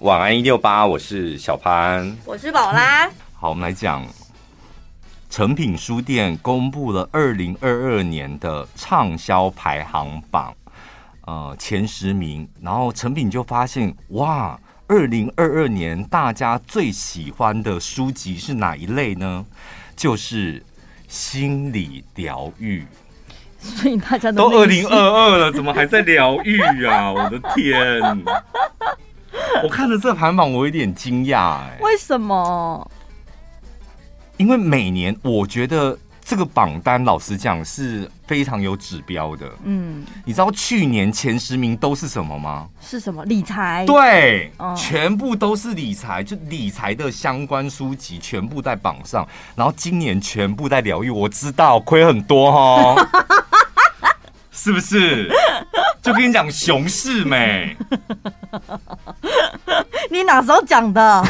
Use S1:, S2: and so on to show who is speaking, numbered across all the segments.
S1: 晚安一六八，我是小潘，
S2: 我是寶拉。
S1: 好，我們來講，誠品書店公布了二零二二年的暢銷排行榜，呃，前十名。然後誠品就發現，哇，二零二二年大家最喜歡的書籍是哪一類呢？就是心理療癒。
S2: 所以大家都都二零二
S1: 二了，怎麼還在療癒啊？ 我的天！ 我看了這排行榜，我有點驚訝哎。為什麼？因為每年，我覺得這個榜單，老實講是非常有指標的。嗯，你知道去年前十名都是什麼嗎？
S2: 是什麼？理財。對，嗯、全
S1: 部都是理財，就理財的相關書籍全部在榜上。然後今年全部在療癒，我知道虧很多哈、哦。 是不是？就跟你講熊市沒？
S2: 你哪時候講的？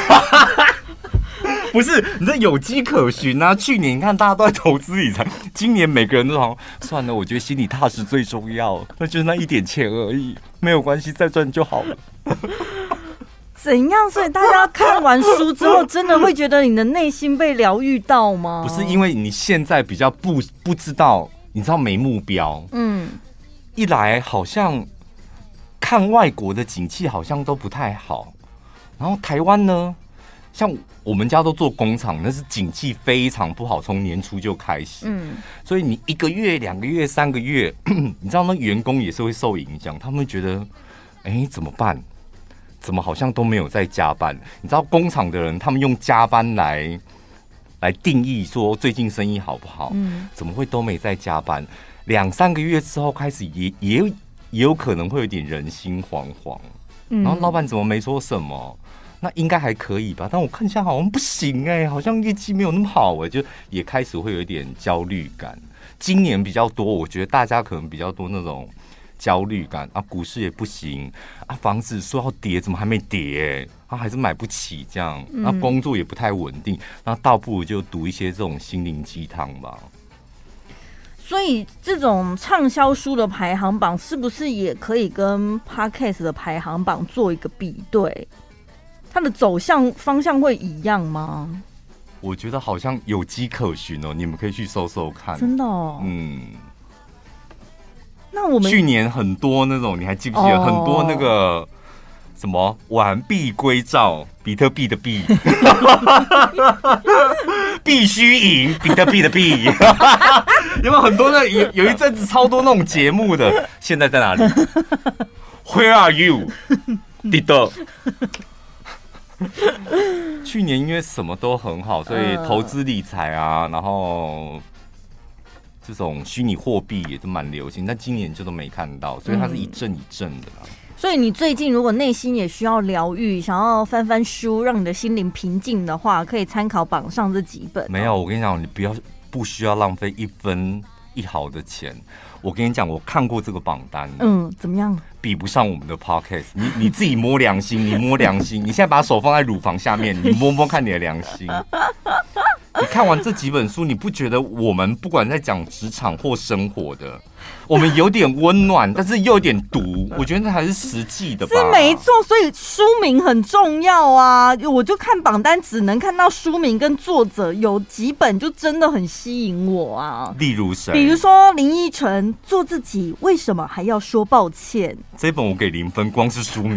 S1: 不是，你這有跡可循啊，去年你看大家都在投資理財，今年每個人都好像算了，我覺得心裡踏實最重要。那就是那一點錢而已，沒有關係，再賺就好了。
S2: 怎樣？所以大家看完書之後，真的會覺得你的內心被療癒到嗎？不是，因為
S1: 你現在比較不不知道，你知道沒目標，嗯。一來好像看外國的景氣好像都不太好，然後台灣呢，像我們家都做工廠，那是景氣非常不好，從年初就開始。嗯，所以你一個月、兩個月、三個月， 你知道那員工也是會受影響，他們覺得，哎，怎麼辦？怎麼好像都沒有在加班？你知道工廠的人，他們用加班來來定義說最近生意好不好？嗯，怎麼會都沒在加班？兩三個月之後開始也也也有可能會有點人心惶惶，然後老闆怎麼沒說什麼？那應該還可以吧？但我看一下好像不行哎、欸，好像業績沒有那麼好哎、欸，就也開始會有一點焦慮感。今年比較多，我覺得大家可能比較多那種焦慮感啊，股市也不行啊，房子說要跌怎麼還沒跌？啊，還是買不起這樣。那工作也不太穩定，那倒不如就讀一些這種心靈雞湯吧。
S2: 所以這種暢銷書的排行榜是不是也可以跟 podcast 的排行榜做一個比對？它的走向方向會一樣嗎？
S1: 我覺得好像有跡可循哦，你們可以去搜搜看。真的、哦？嗯。
S2: 那我們去
S1: 年很多那種，你還記不記得？哦、很多那個什麼“完璧歸趙”？比特幣的幣 必須贏贏， 比特幣的幣。 有沒有很多的有有一陣子超多那種節目的，現在在哪裡 ？Where are you？迪豆。去年因為什麼都很好，所以投資理財啊，然後這種虛擬貨幣也都蠻流行，但今年就都沒看到，所以它是一陣一陣的、啊
S2: 嗯、所以你最近如果內心也需要療癒，想要翻翻書，讓你的心靈平靜的話，可以參考榜上這幾本、啊。
S1: 沒有，我跟你講，你不要。不需要浪費一分一毫的錢。我跟你講，我看過這個榜單，嗯，怎麼樣？比不上我們的 podcast。你你自己摸良心， 你摸良心。你現在把手放在乳房下面，你摸摸看你的良心。你看完這幾本書，你不覺得我們不管在講職場或生活的？ 我們有點溫暖，但是又有點毒。我覺得那還是實際的吧。是，是沒
S2: 錯，所以書名很重要啊。我就看榜單，只能看到書名跟作者，有幾本就真的很吸引我啊。
S1: 例如誰？比如說
S2: 林依晨，《做自己》為什麼還要說抱歉？
S1: 這一本我給零分，光是書名，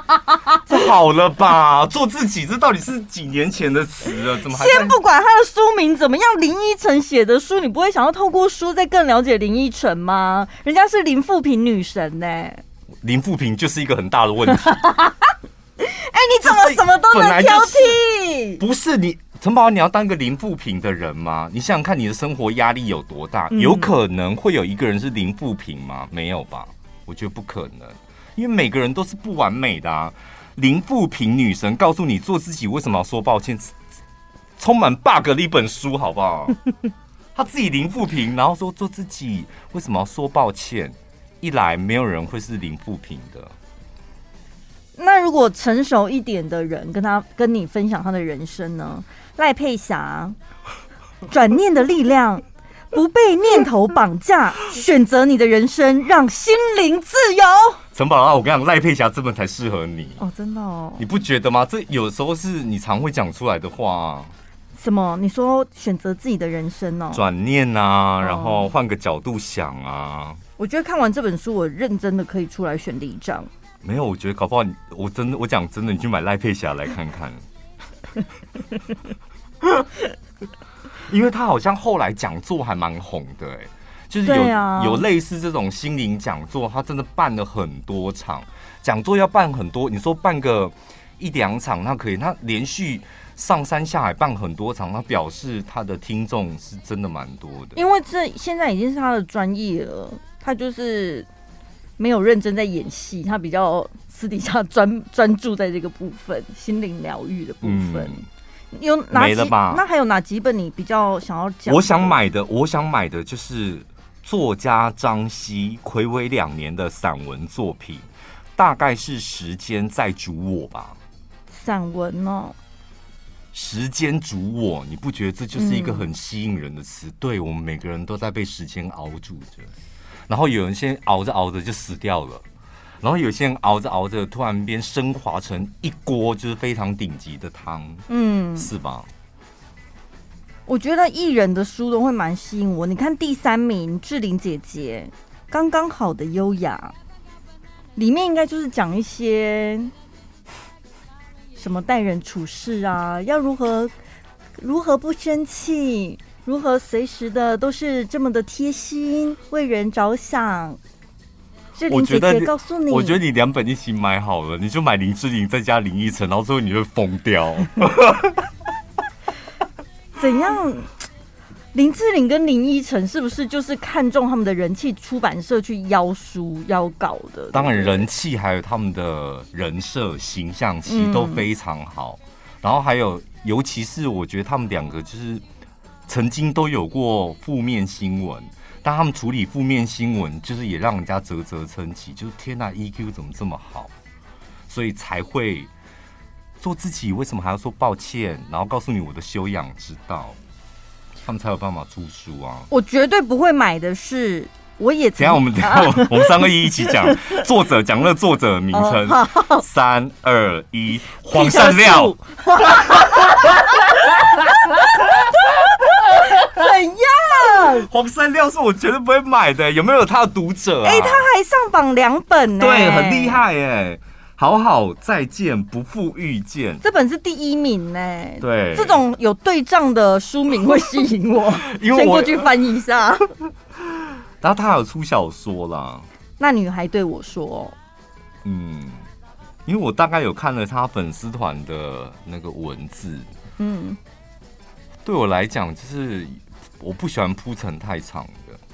S1: 這好了吧？做自己，這到底是幾年前的詞了？怎麼還？先不
S2: 管他的書名怎麼樣，林依晨寫的書，你不會想要透過書再更了解林依晨嗎？人家是零負評女神呢，
S1: 零負評就是一個很大的問題。
S2: 哎，你怎麼什麼都能挑剔？
S1: 不是你陳寶，你要當一個零負評的人嗎？你想想看，你的生活壓力有多大？有可能會有一個人是零負評嗎？沒有吧？我覺得不可能，因為每個人都是不完美的、啊。零負評女神告訴你，做自己為什麼要說抱歉？充滿 bug 的一本書，好不好？ 他自己零負評，然後說做自己，為什麼要說抱歉？一來沒有人會是零負評的。
S2: 那如果成熟一點的人跟他跟你分享他的人生呢？賴佩霞，轉 念的力量， 不被念頭綁架， 選擇你的人生，讓心靈自由。
S1: 陳寶啊，我跟你講，賴佩霞這本才適合你哦，真的哦，你不覺得嗎？這有時候是你常會講出來的話、啊。
S2: 什麼？你說選擇自己的人生呢、喔？
S1: 轉念啊，然後換個角度想啊、
S2: 哦。我覺得看完這本書，我認真的可以出來選第一章。
S1: 沒有，我覺得搞不好你，我真的，我講真的，你去買賴佩霞來看看。 因為他好像後來講座還蠻紅的、欸，哎，就是有、啊、有類似這種心靈講座，他真的辦了很多場講座，要辦很多。你說辦個一兩場那可以，他連續。上山下海辦很多場，他表示他的聽眾是真的蠻多的。
S2: 因為這現在已經是他的專業了，他就是沒有認真在演戲，他比較私底下專專注在這個部分，心靈療癒的部分。嗯、有哪幾？那還有哪幾本你比較想要講的？我想
S1: 買的，我想買的就是作家張西暌違兩年的散文作品，大概是《時間在煮我》吧。
S2: 散文呢、哦？
S1: 時間煮我，你不覺得這就是一個很吸引人的詞？嗯、對，我們每個人都在被時間熬煮着，然後有人先熬着熬着就死掉了，然後有些人熬着熬着突然變升華成一鍋就是非常頂級的湯，嗯，是吧？
S2: 我覺得藝人的書都會蠻吸引我。你看第三名志玲姐姐《剛剛好的優雅》，裡面應該就是講一些。什麼待人處事啊？要如何如何不生氣？如何隨時的都是這麼的貼心，為人着想？志玲姐姐告訴你，你，我覺
S1: 得你兩本一起買好了，你就買林志玲再加林依晨，然後最後你就會瘋掉。
S2: 怎樣？林志玲跟林依晨是不是就是看中他們的人氣，出版社去邀書邀稿的？當
S1: 然，人氣還有他們的人設形象其實都非常好。嗯、然後還有，尤其是我覺得他們兩個就是曾經都有過負面新聞，但他們處理負面新聞就是也讓人家嘖嘖稱奇。就是天吶、啊，EQ 怎麼這麼好？所以才會做自己。為什麼還要說抱歉？然後告訴你我的修養之道。他們才有辦法出書啊！
S2: 我絕對不會買的是，我也等，下我，等下我們，我們三個一一起講 作
S1: 者，講那個作者的名稱。三二一，黃山料，車 怎麼樣，黃山料是我絕對不會買的。欸，有沒有他的讀者、啊？哎、欸，他還上榜兩本呢、欸，對，很厲害哎、欸。好好再見，不負遇見。這
S2: 本是第一名呢、欸。對，這種有對仗的書名會吸引我。
S1: 為我先過去
S2: 翻譯一下。
S1: 然後他有出小說啦。
S2: 那女孩對我說：“
S1: 嗯，因為我大概有看了他粉絲團的那個文字，嗯，對我來講，就是我不喜歡鋪陳太長。”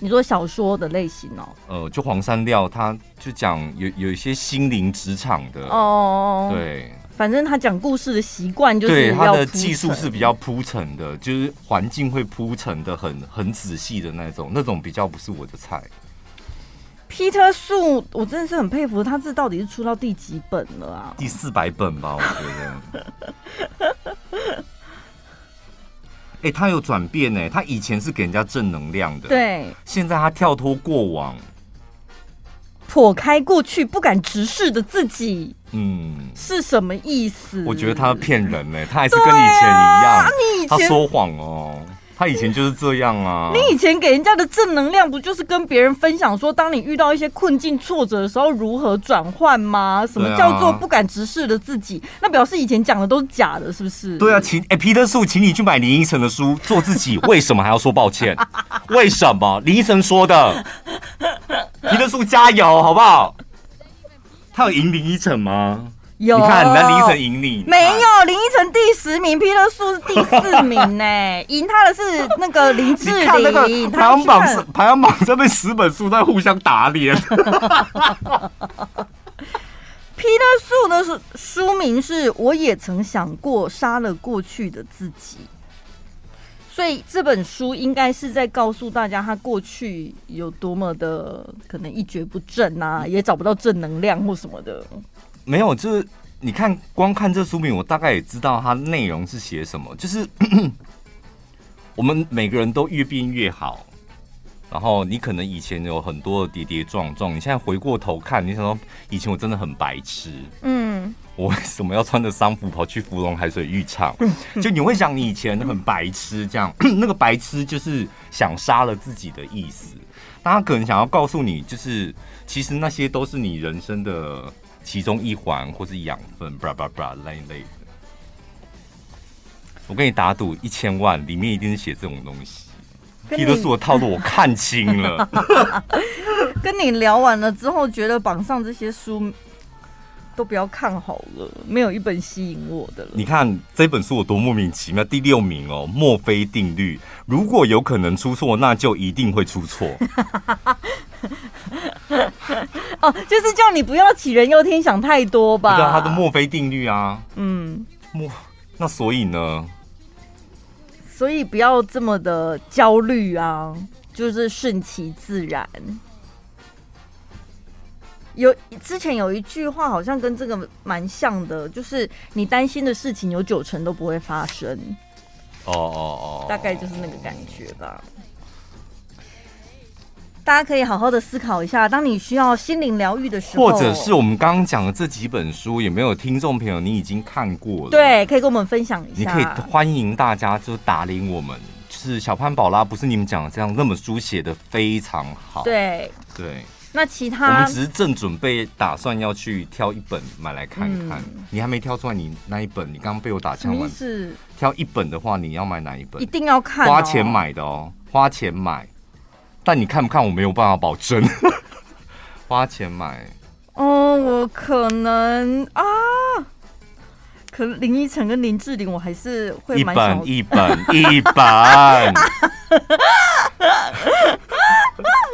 S2: 你說小說的類型哦？
S1: 呃，就黃山料。他就講有有一些心靈職場的哦，oh, 對,
S2: 反正他講故事的習慣就是對他的技術是比
S1: 較鋪陳的，就是環境會鋪陳得很很仔細的那種，那種比較不是我的菜。
S2: Peter Su，我真的是很佩服他，這到底是出到第幾本了
S1: 啊？第四百本吧，我覺得。 哎、欸，他有轉變哎，他以前是給人家正能量的，對，現在他跳脫過往，
S2: 剖開過去不敢直視的自己，嗯，是什麼意
S1: 思？我覺得他騙人呢。他還是跟以前一樣，啊、他說謊哦。他以前就是這樣啊！你
S2: 以前給人家的正能量，不就是跟別人分享說，當你遇到一些困境、挫折的時候，如何轉換嗎？對啊，什麼叫做不敢直視的自己？那表示以前講的都是假的，是不是？對
S1: 啊，請哎、欸，皮特叔，請你去買林依晨的書，做自己。為什麼還要說抱歉？ 為什麼？林依晨說的。皮特叔加油，好不好？他有贏林依晨嗎？有，你看，那林依晨贏你？沒
S2: 有，林依晨第十名，哎，Peter Su 是第四名呢。贏 他的是那個林志玲。你看那個、他排行榜上，
S1: 排行榜上被十本書在互相打臉。
S2: Peter Su 的書書名是《我也曾想過殺了過去的自己》，所以這本書應該是在告訴大家，他過去有多麼的可能一蹶不振啊，嗯、也找不到正能量或什麼的。
S1: 沒有，就是你看，光看這書名，我大概也知道它內容是寫什麼。就是 我們每個人都越變越好，然後你可能以前有很多的跌跌撞撞，你現在回過頭看，你想到以前我真的很白痴，嗯，我為什麼要穿着喪服跑去芙蓉海水浴場？就你會想，你以前很白痴，這樣 那個白痴就是想殺了自己的意思。那他可能想要告訴你，就是其實那些都是你人生的。其中一環，或是養分，布拉布拉那一類的。我跟你打賭一千萬，裡面一定是寫這種東西。這都是我套路，我看清了。
S2: 跟你聊完了之後，覺得榜上這些書。都不要看好了，沒有一本吸引我的
S1: 了。你看這本書有多莫名其妙，第六名哦，墨菲定律。如果有可能出錯，那就一定會出錯。
S2: 哦，就是叫你不要杞人憂天，想太多吧。對啊，他的
S1: 墨菲定律啊。嗯。墨，那所以呢？
S2: 所以不要這麼的焦慮啊，就是順其自然。有之前有一句話好像跟這個蠻像的，就是你擔心的事情有九成都不會發生。哦
S1: 哦哦，大
S2: 概就是那個感覺吧。大家可以好好的思考一下，當你需要心靈療癒的時候，或者是我
S1: 們剛剛講的這幾本書，有沒有聽眾朋友你已經看過了？對，
S2: 可以跟我們分享一下。你可以
S1: 歡迎大家就打領我們，就是小潘寶拉，不是你們講的這樣，那本書寫的非常好。對對。對
S2: 那其他我們只是
S1: 正準備打算要去挑一本買來看看，嗯、你還沒挑出來你，你那一本你剛剛被我打槍完，是挑一本的話，你要買哪一本？一
S2: 定要看。哦，花錢
S1: 買的哦，花錢買，但你看不看我沒有辦法保證。 花錢買，
S2: 哦，我可能啊，可能林依晨跟林志玲我還是會買一本一本一本。一本一本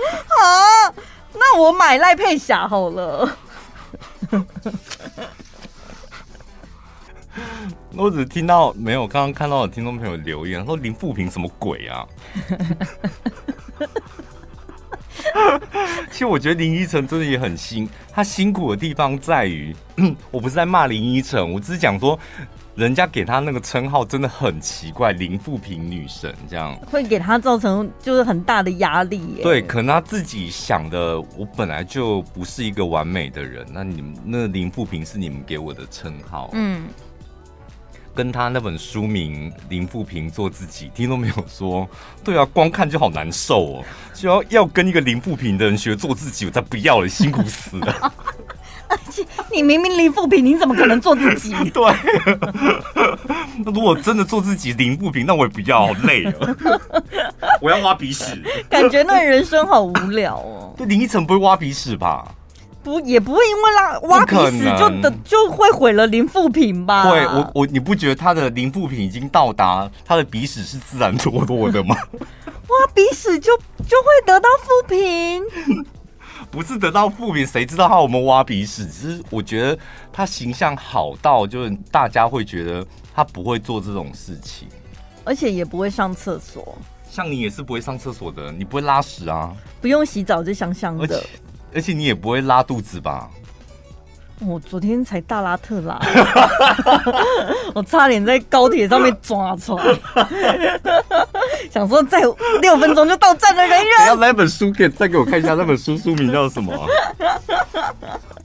S2: 好。那我買賴佩霞好了。
S1: 我只聽到沒有，剛剛看到的聽眾朋友留言說林富平什麼鬼啊？ 其實我覺得林依晨真的也很辛，他辛苦的地方在於， 我不是在罵林依晨，我只是講說。人家給他那個稱號真的很奇怪，“零負評女神”這樣，
S2: 會給他造成就是很大的壓力耶。對，
S1: 可能他自己想的，我本來就不是一個完美的人。那你們那零負評是你們給我的稱號，嗯。跟他那本書名《零負評做自己》，聽都沒有說，對啊，光看就好難受哦。就要要跟一個零負評的人學做自己，我再不要了，辛苦死了。
S2: 你明明零富平，你怎麼可能做自己？ 對，
S1: 那如果真的做自己零富平，那我也比較累了。 我要挖鼻屎，
S2: 感覺那人生好無聊
S1: 哦。林依晨不會挖鼻屎吧？
S2: 不，也不會，因為拉挖鼻屎就的就,就會毀了林富平吧？對，我
S1: 我你不覺得他的林富平已經到達他的鼻屎是自然脫落的嗎？
S2: 挖鼻屎就就會得到富平。
S1: 不是得到負面，誰知道他有沒有挖鼻屎？只是我覺得他形象好到，就是大家會覺得他不會做這種事情，
S2: 而且也不會上廁所。
S1: 像你也是不會上廁所的，你不會拉屎啊？
S2: 不用洗澡就香香的而且，
S1: 而且你也不會拉肚子吧？
S2: 我昨天才大拉特拉， 我差點在高鐵上面抓出來， 想說再六分鐘就到站了，人員。要
S1: 來本書給再給我看一下，那本書書名叫什麼？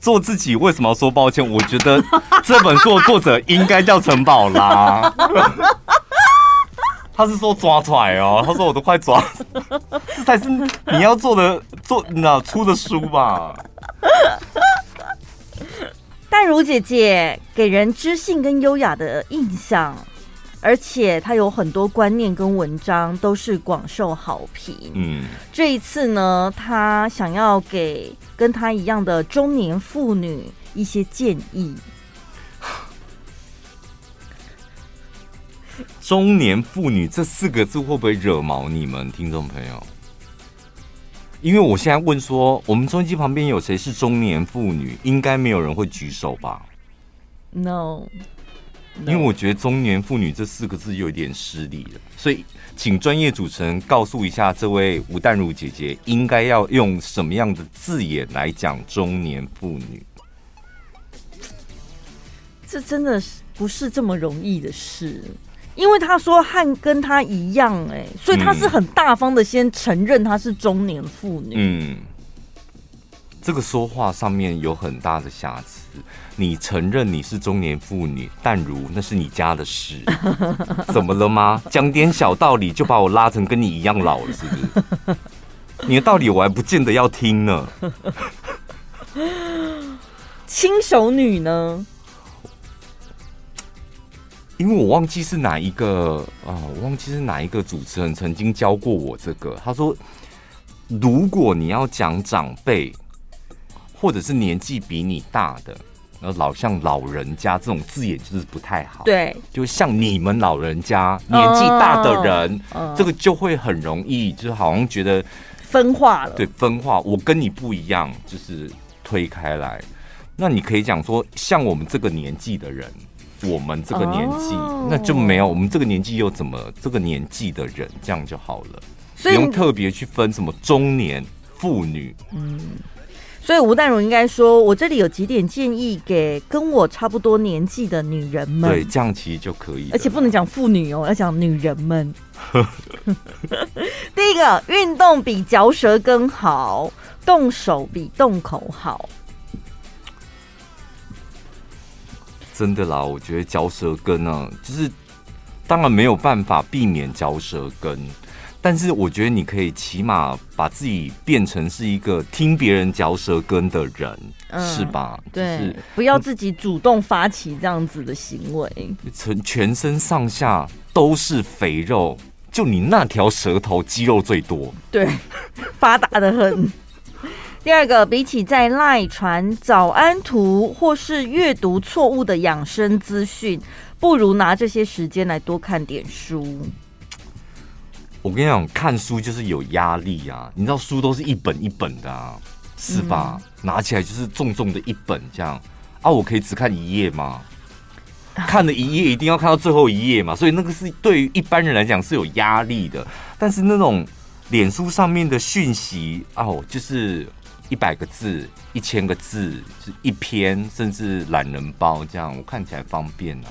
S1: 做自己為什麼要說抱歉？我覺得這本書的作者應該叫陳寶拉？ 他是說抓出來哦，他說我都快抓， 這才是你要做的做那出的書吧？
S2: 淡如姐姐給人知性跟優雅的印象，而且她有很多觀念跟文章都是廣受好評。嗯，這一次呢，她想要給跟她一樣的中年婦女一些建議。
S1: 中年婦女，這四個字會不會惹毛你們，聽眾朋友？因為我現在問說，我們中間旁邊有誰是中年婦女？應該沒有人會舉手吧？No, no. 因為我覺得“中年婦女”這四個字有點失禮了，所以請專業主持人告訴一下這位吳淡如姐姐，應該要用什麼樣的字眼來講“中年婦女”？
S2: 這真的是不是這麼容易的事？因為他說漢跟他一樣哎、欸，所以他是很大方的先承認他是中年婦
S1: 女。嗯，這個說話上面有很大的瑕疵。你承認你是中年婦女，淡如那是你家的事， 怎麼了嗎？講點小道理就把我拉成跟你一樣老了，是不是？ 你的道理我還不見得要聽呢。
S2: 輕熟 女呢？
S1: 因為我忘記是哪一個啊、呃，我忘記是哪一個主持人曾經教過我這個。他說，如果你要講長輩，或者是年紀比你大的，然後老像老人家這種字眼就是不太好。對，就像你們老人家、哦、年紀大的人，哦、這個就會很容易，就是好像覺得
S2: 分化了。對，
S1: 分化。我跟你不一樣，就是推開來。那你可以講說，像我們這個年紀的人。我們這個年紀，哦、那就沒有我們這個年紀又怎麼這個年紀的人，這樣就好了，所以不用特別去分什麼中年婦女。嗯，
S2: 所以吳淡如應該說，我這裡有幾點建議給跟我差不多年紀的女人們，對，這
S1: 樣其實就可以。而且不
S2: 能講婦女哦，我要講女人們。 第一個，運動比嚼舌根好，動手比動口好。
S1: 真的啦，我覺得嚼舌根呢、啊，就是當然沒有辦法避免嚼舌根，但是我覺得你可以起碼把自己變成是一個聽別人嚼舌根的人，嗯、是吧？對，就是、
S2: 不要自己主動發起這樣子的行
S1: 為。全全身上下都是肥肉，就你那條舌頭肌肉最多，
S2: 對，發達得很。 第二個，比起在賴傳早安圖或是閱讀錯誤的養生資訊，不如拿這些時間來多看點書。
S1: 我跟你講，看書就是有壓力啊！你知道書都是一本一本的啊，是吧？嗯，拿起來就是重重的一本，這樣啊，我可以只看一頁嗎？看了一頁，一定要看到最後一頁嘛！所以那個是對於一般人來講是有壓力的。但是那種臉書上面的訊息，哦，啊，就是。一百個字，一千個字，是一篇，甚至懶人包這樣，我看起來方便呢、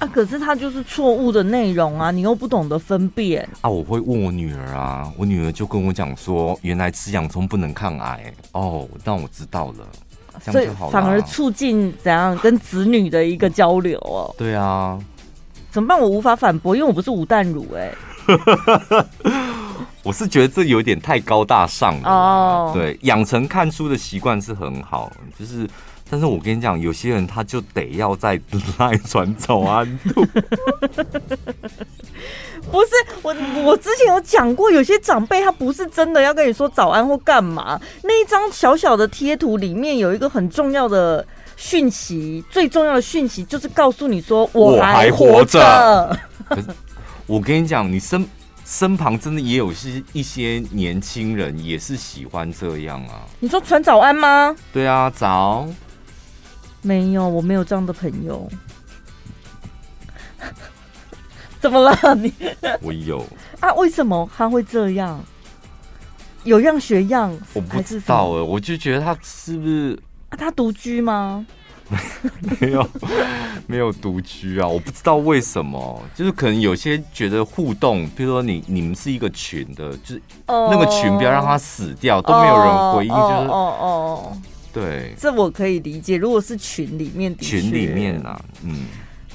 S1: 啊。
S2: 啊，可是它就是錯誤的內容啊，你又不懂得分辨
S1: 啊。我會問我女兒啊，我女兒就跟我講說，原來吃洋蔥不能抗癌哦，oh, 那我知道了。這樣就好，所以反而
S2: 促進怎樣跟子女的一個交流哦、啊。 對啊，怎麼辦？我無法反駁，因為我不是無蛋乳類、欸。
S1: 我是覺得這有點太高大上了，oh. 對，養成看書的習慣是很好，就是，但是我跟你講，有些人他就得要在賴傳早安圖。
S2: 不是我，我之前有講過，有些長輩他不是真的要跟你說早安或幹嘛，那一張小小的貼圖裡面有一個很重要的訊息，最重要的訊息就是告訴你說我還活着。可
S1: 是我跟你講，你身身旁真的也有些一些年輕人，也是喜歡這樣啊。
S2: 你說傳早安嗎？
S1: 對啊，早。
S2: 沒有，我沒有這樣的朋友。 怎麼了拉你？
S1: 我有
S2: 啊？為什麼他會這樣？有樣學樣，我不知
S1: 道哎，我就覺得他是不是
S2: 啊？他獨居嗎？
S1: 沒有，沒有獨居啊！我不知道為什麼，就是可能有些覺得互動，比如說你你們是一個群的，就是、那個群不要讓它死掉，都沒有人回應，就是哦哦，oh, oh, oh,
S2: oh. 對，這我可以理解。如果是群裡面的群裡面啊，嗯，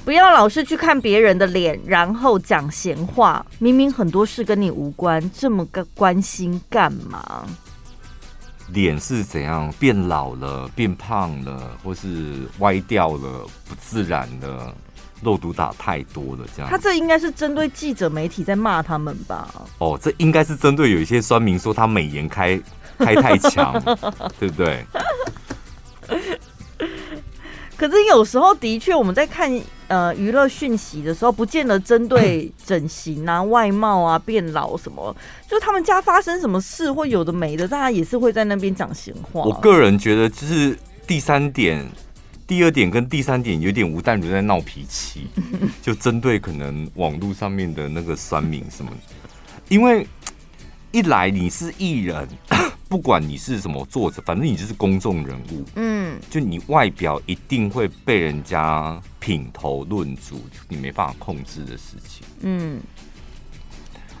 S2: 不要老是去看別人的臉，然後講閒話，明明很多事跟你無關，這麼個關心幹嘛？
S1: 臉是怎樣變老了、變胖了，或是歪掉了、不自然的？肉毒打太多了，這樣。他這
S2: 應該是針對記者媒體在罵他們吧？
S1: 哦，這應該是針對有一些酸民說他美顏開開太強， 對不對？
S2: 可是有時候的確我們在看。呃，娛樂訊息的時候，不見得針對整形啊、 外貌啊、變老什麼，就他們家發生什麼事或有的沒的，大家也是會在那邊講閒話啊。我個
S1: 人覺得，就是第三點、第二點跟第三點有點無旦如在鬧脾氣， 就針對可能網路上面的那個酸民什麼，因為一來你是藝人。 不管你是什麼作者，反正你就是公眾人物，嗯，就你外表一定會被人家品頭論足，你沒辦法控制的事情。嗯，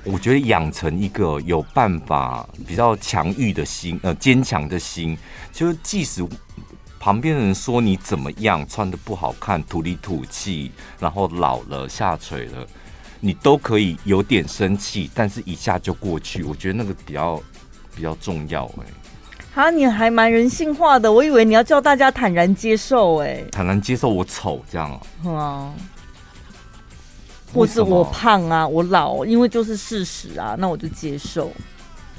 S1: 我覺得養成一個有辦法、比較強欲的心，呃，堅強的心，就即使旁邊的人說你怎麼樣，穿得不好看、土裡土氣，然後老了、下垂了，你都可以有點生氣，但是一下就過去。我覺得那個比較。比較重要誒、
S2: 欸，你還蠻人性化的，我以為你要叫大家坦然接受誒、欸，
S1: 坦然接受我醜這樣啊，
S2: 嗯、啊或是我胖啊，我老，因為就是事實啊,那我就接受。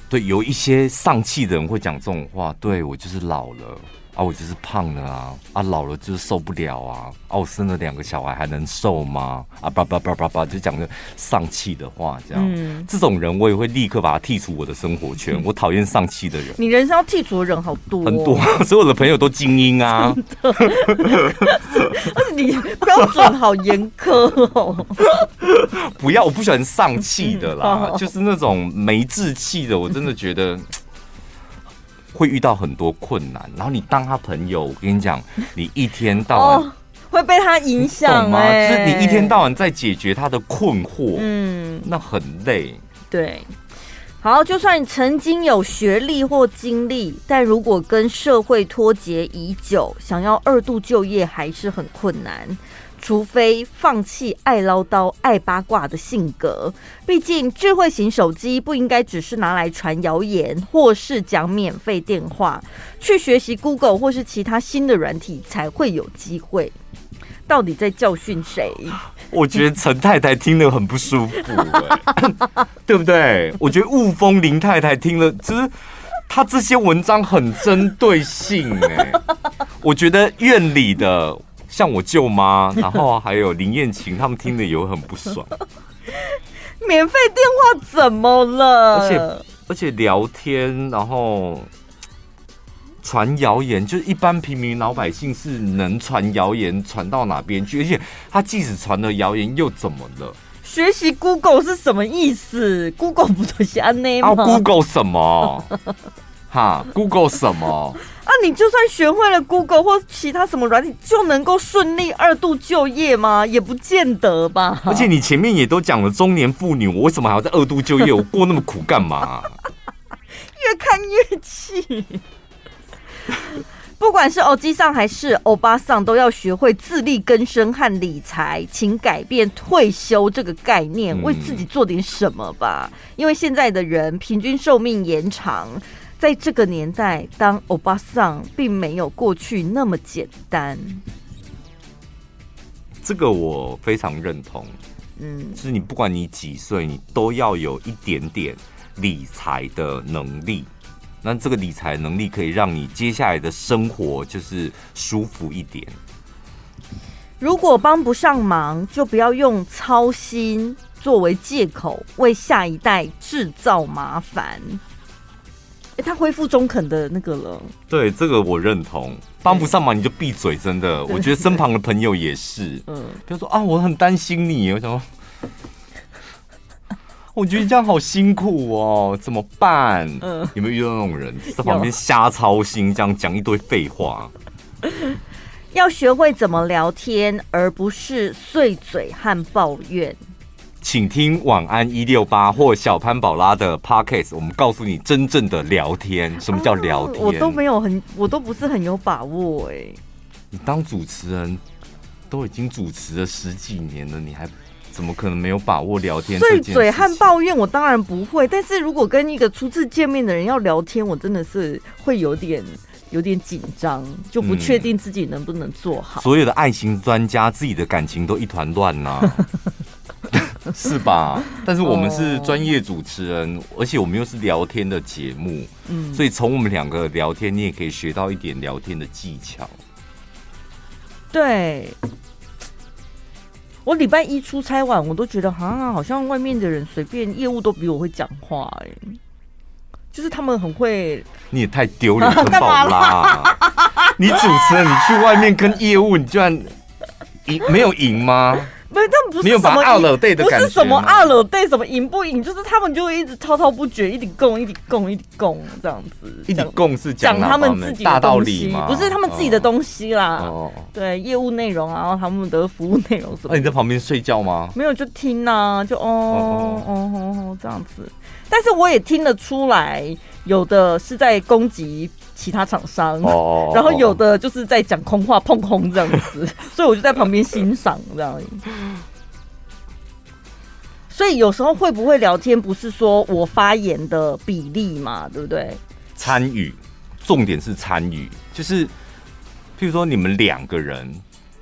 S1: 對，有一些喪氣的人會講這種話，對，我就是老了。.啊，我就是胖的啊啊，老了就是受不了啊！哦、啊，我生了兩個小孩還能瘦嗎？啊，叭叭叭叭叭，就講個喪氣的話，這樣。嗯。這種人我也會立刻把他剔除我的生活圈。嗯、我討厭喪氣的人。
S2: 你人生要剔除的人好多、哦。很多，
S1: 所有的朋友都精英啊。
S2: 真的。而且你標準好嚴苛哦。
S1: 不要，我不喜歡喪氣的啦，就是那種沒志氣的，我真的覺得。嗯 會遇到很多困難，然後你當他朋友，我跟你講，你一天到晚、 哦、
S2: 會被他影響，懂嗎？欸、就是你一天到
S1: 晚在解決他的困惑，嗯，那很累。
S2: 對，好，就算你曾經有學歷或經歷，但如果跟社會脫節已久，想要二度就業還是很困難。除非放棄愛嘮叨、愛八卦的性格，畢竟智慧型手機不應該只是拿來傳謠言或是講免費電話，去學習 Google 或是其他新的軟體才會有機會。到底在教訓誰？
S1: 我覺得陳太太聽得很不舒服、欸， 對不對？我覺得霧峰林太太聽了，其實他這些文章很針對性哎、欸， 我覺得院裡的。像我舅媽，然後還有林燕琴， 他們聽得也很不爽。
S2: 免費電話怎麼了？而且
S1: 而且聊天，然後傳謠言，就是一般平民老百姓是能傳謠言傳到哪邊去？而且他即使傳了謠言，又怎麼了？
S2: 學習 Google 是什麼意思？Google 不就是安內嗎？哦，Google 什麼？
S1: 哈，Google 什麼？
S2: 那、啊、你就算學會了 Google 或其他什麼軟件，就能夠順利二度就業嗎？也不見得吧。而且你
S1: 前面也都講了，中年婦女，我為什麼還要再二度就業？ 我過那麼苦幹嘛？
S2: 越看越氣。 不管是歐吉桑還是歐巴桑，都要學會自力更生和理財，請改變退休這個概念，為自己做點什麼吧。嗯、因為現在的人平均壽命延長。在這個年代，當歐巴桑並沒有過去那麼簡單。
S1: 這個我非常認同。嗯，就是你不管你幾歲，你都要有一點點理財的能力。那這個理財能力可以讓你接下來的生活就是舒服一點。
S2: 如果幫不上忙，就不要用操心作為借口，為下一代製造麻煩。欸、他恢復中肯的那個了，
S1: 對，這個我認同。幫不上忙你就閉嘴，真的。 對對對，我覺得身旁的朋友也是， 嗯，比如說啊，我很擔心你，我想說，我覺得這樣好辛苦哦，怎麼辦？嗯，有沒有遇到那種人在旁邊瞎操心，有這樣講一堆廢話？
S2: 要學會怎麼聊天，而不是碎嘴和抱怨。
S1: 請聽晚安一六八或小潘寶拉的 Podcast，我們告訴你真正的聊天，什麼叫聊天。啊，我都
S2: 沒有很，我都不是很有把握哎，欸。
S1: 你當主持人，都已經主持了十幾年了，你還怎麼可能沒有把握聊天？碎嘴和
S2: 抱怨我當然不會，但是如果跟一個初次見面的人要聊天，我真的是會有點有點緊張，就不確定自己能不能做好。嗯、所
S1: 有的愛情專家，自己的感情都一團亂吶。 是吧？但是我們是專業主持人，哦、而且我們又是聊天的節目，嗯、所以從我們兩個聊天，你也可以學到一點聊天的技巧。
S2: 對，我禮拜一出差完，我都覺得啊，好像外面的人隨便業務都比我會講話哎、欸，就是他們很會。
S1: 你也太丟臉了吧？ 兒啦？ 你主持人，你去外面跟業務，你居然贏沒有贏嗎？
S2: 沒，他們不是沒有什麼有二壘隊的感覺，不是什麼二壘對什麼贏不贏，就是他們就一直滔滔不絕，一直供，一直供，一直供，這樣子。
S1: 一直供是講他們自己的東西，大道理嗎？不是他們自己的東西啦。
S2: 哦，對，業務內容，然後他們的服務內容什麼。那，啊，你在旁
S1: 邊睡覺嗎？
S2: 沒有，就聽啊，就哦哦哦，哦哦這樣子。但是我也聽得出來，有的是在攻擊。其他廠商，oh, oh, oh, oh, oh. 然後有的就是在講空話、碰轟這樣子， 所以我就在旁邊欣賞這樣。所以有時候會不會聊天，不是說我發言的比例嘛，對不對？
S1: 參與，重點是參與，就是譬如說你們兩個人，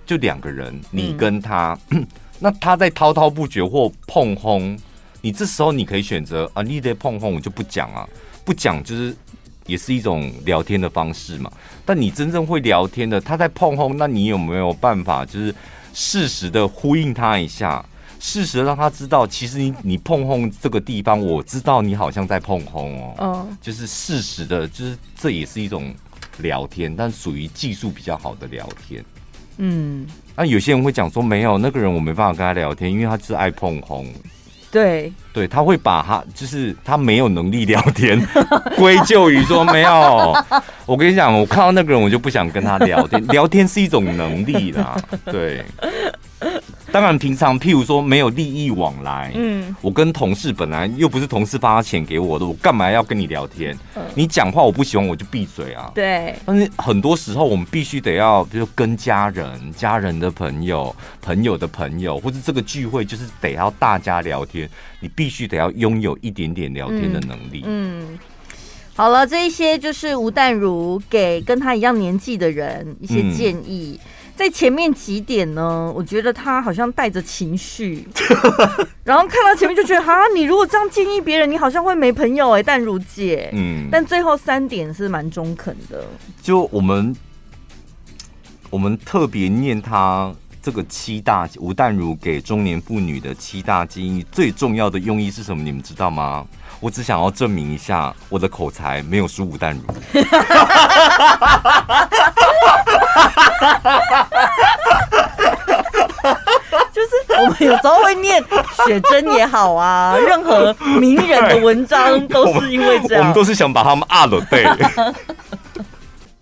S1: 就兩個人，你跟他、嗯， 那他在滔滔不絕或碰轟，你這時候你可以選擇啊，你得碰轟，我就不講啊，不講就是。也是一種聊天的方式嘛，但你真正會聊天的，他在碰鬨，那你有沒有辦法，就是適時的呼應他一下，適時的讓他知道，其實你你碰鬨這個地方，我知道你好像在碰鬨哦，哦就是適時的，就是這也是一種聊天，但屬於技術比較好的聊天，
S2: 嗯，
S1: 那、啊、有些人會講說，沒有那個人，我沒辦法跟他聊天，因為他就是愛碰鬨。對對，他會把他就是他沒有能力聊天，歸咎於說沒有。我跟你講，我看到那個人，我就不想跟他聊天。聊天是一種能力啦，對。當然，平常譬如說沒有利益往來，嗯，我跟同事本來又不是同事，發錢給我的，我幹嘛要跟你聊天？你講話我不喜歡，我就閉嘴啊。對。但是很多時候我們必須得要，比如說跟家人、家人的朋友、朋友的朋友，或是這個聚會就是得要大家聊天，你必須得要擁有一點點聊天的能力嗯。
S2: 嗯。好了，這一些就是吳淡如給跟他一樣年紀的人一些建議。嗯在前面幾點呢？我覺得他好像帶着情緒， 然後看到前面就覺得啊， 你如果這樣建議別人，你好像會沒朋友哎、欸。但如姐，嗯，但最後三點是蠻中肯的。
S1: 就我們，我們特別念他。這個七大吳淡如給中年婦女的七大建議，最重要的用意是什麼？你們知道嗎？我只想要證明一下，我的口才沒有輸吳淡如。
S2: 就是我們有時候會念雪真也好啊，任何名人的文章都是因為這樣，我們都
S1: 是想把他們啊了。對，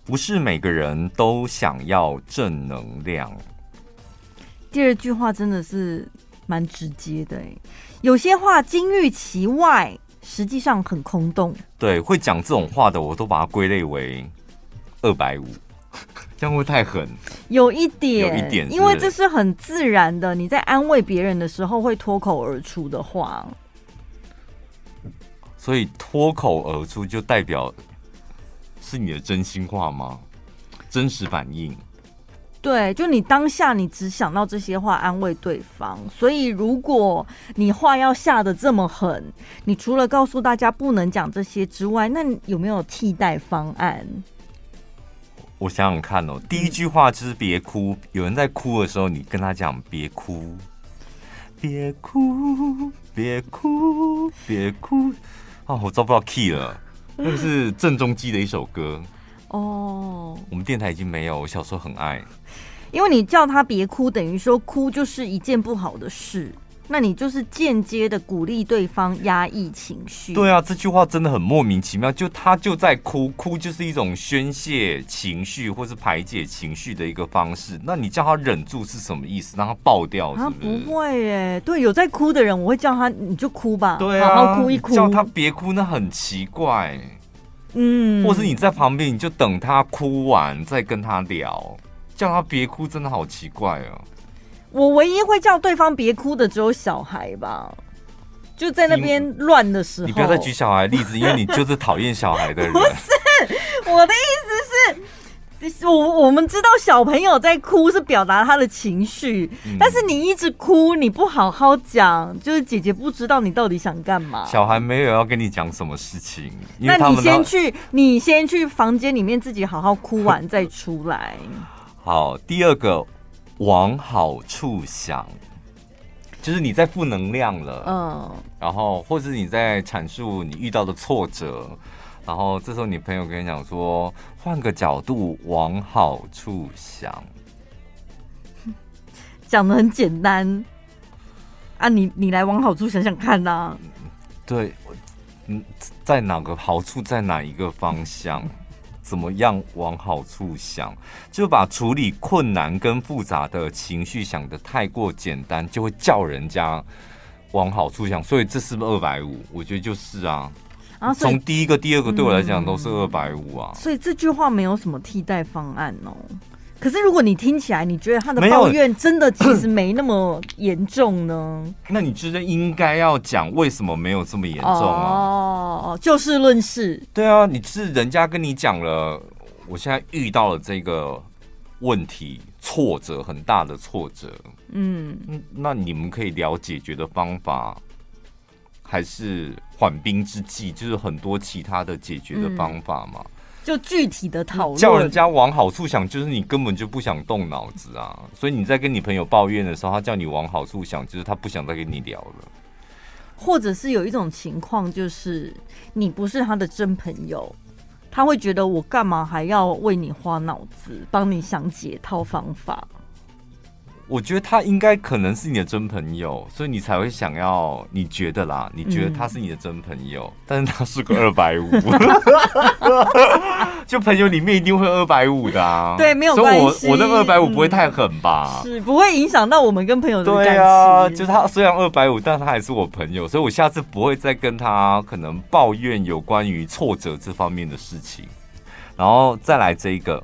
S1: 不是每個人都想要正能量。
S2: 第二句話真的是蠻直接的。欸、有些話金玉其外，實際上很空洞。
S1: 對，會講這種話的，我都把它歸類為二百五，這樣會太狠？
S2: 有一點，有一點是不是？因為這是很自然的，你在安慰別人的時候會脫口而出的話。
S1: 所以脫口而出就代表是你的真心話嗎？真實反應？
S2: 對，就你當下，你只想到這些話安慰對方，所以如果你話要下得這麼狠，你除了告訴大家不能講這些之外，那有沒有替代方案？
S1: 我想想看哦，第一句話就是別哭。嗯、有人在哭的時候，你跟他講別哭，別哭，別哭，別哭，別哭啊！我找不到 key 了， 那是鄭中基的一首歌。哦，oh, 我們電台已經沒有。我小時候很愛，
S2: 因為你叫他別哭，等於說哭就是一件不
S1: 好的事，
S2: 那你就是間接的鼓勵對方壓抑情緒。對啊，這
S1: 句話真的很莫名其妙。就他就在哭，哭就是一種宣洩情緒或是排解情緒的一個方式。那你叫他忍住是什麼意思？讓他爆掉是不是？
S2: 他不會耶。對，有在哭的人，我會叫他你就哭吧，對啊，好好哭一哭。叫他
S1: 別哭，那很奇怪。
S2: 嗯，或是你
S1: 在旁邊，你就等他哭完再跟他聊。叫他別哭，真的好奇怪哦、啊。
S2: 我唯一會叫對方別哭的只有小孩吧，就在那邊亂的時候。你，你不要再舉小
S1: 孩例子， 因為你就是討厭小孩的人。不
S2: 是，我的意思是。 我我們知道小朋友在哭是表達他的情緒，嗯，但是你一直哭，你不好好講，就是姐姐不知道你到底想幹嘛。
S1: 小孩沒有要跟你講什麼事情，那你先去，
S2: 他你先去房間裡面自己好好哭完再出來。
S1: 好，第二個往好處想，就是你在負能量了，嗯，然後或者是你在闡述你遇到的挫折。然後這時候你朋友跟你講說，換個角度往好處想，
S2: 講得很簡單啊，你你來往好處想想看吶。
S1: 對，嗯，在哪個好處，在哪一個方向，怎麼樣往好處想？就把處理困難跟複雜的情緒想得太過簡單，就會叫人家往好處想。所以這是不是二百五？我覺得就是啊。從第一個、第二個對我來講都是二百五啊，所以
S2: 這句話沒有什麼替代方案哦。可是如果你聽起來，你覺得他的抱怨真的其實沒那麼嚴重呢？那
S1: 你真的應該要講為什麼沒有這麼嚴重啊？哦，就事、是、論事。對啊，你是人家跟你講了，我現在遇到了這個問題，挫折很大的挫折，嗯，那你們可以聊解決的方法，還是？緩兵之計，就是很多其他的解決的方法嘛，
S2: 就具體的討論，叫人
S1: 家往好處想，就是你根本就不想動腦子啊。所以你在跟你朋友抱怨的時候，他叫你往好處想，就是他不想再跟你聊了。
S2: 或者是有一種情況，就是你不是他的真朋友，他會覺得我幹嘛還要為你花腦子，幫你想解套方法。
S1: 我覺得他應該可能是你的真朋友，所以你才會想要，你覺得啦，你覺得他是你的真朋友，嗯、但是他是個二百五，就朋友裡面一定會二百五的，啊。對，沒有關係。我那二百五不會太狠吧？嗯、
S2: 是不會影響到我們跟朋友的關係，對啊。
S1: 就他雖然二百五，但他還是我朋友，所以我下次不會再跟他可能抱怨有關於挫折這方面的事情。然後再來這一個。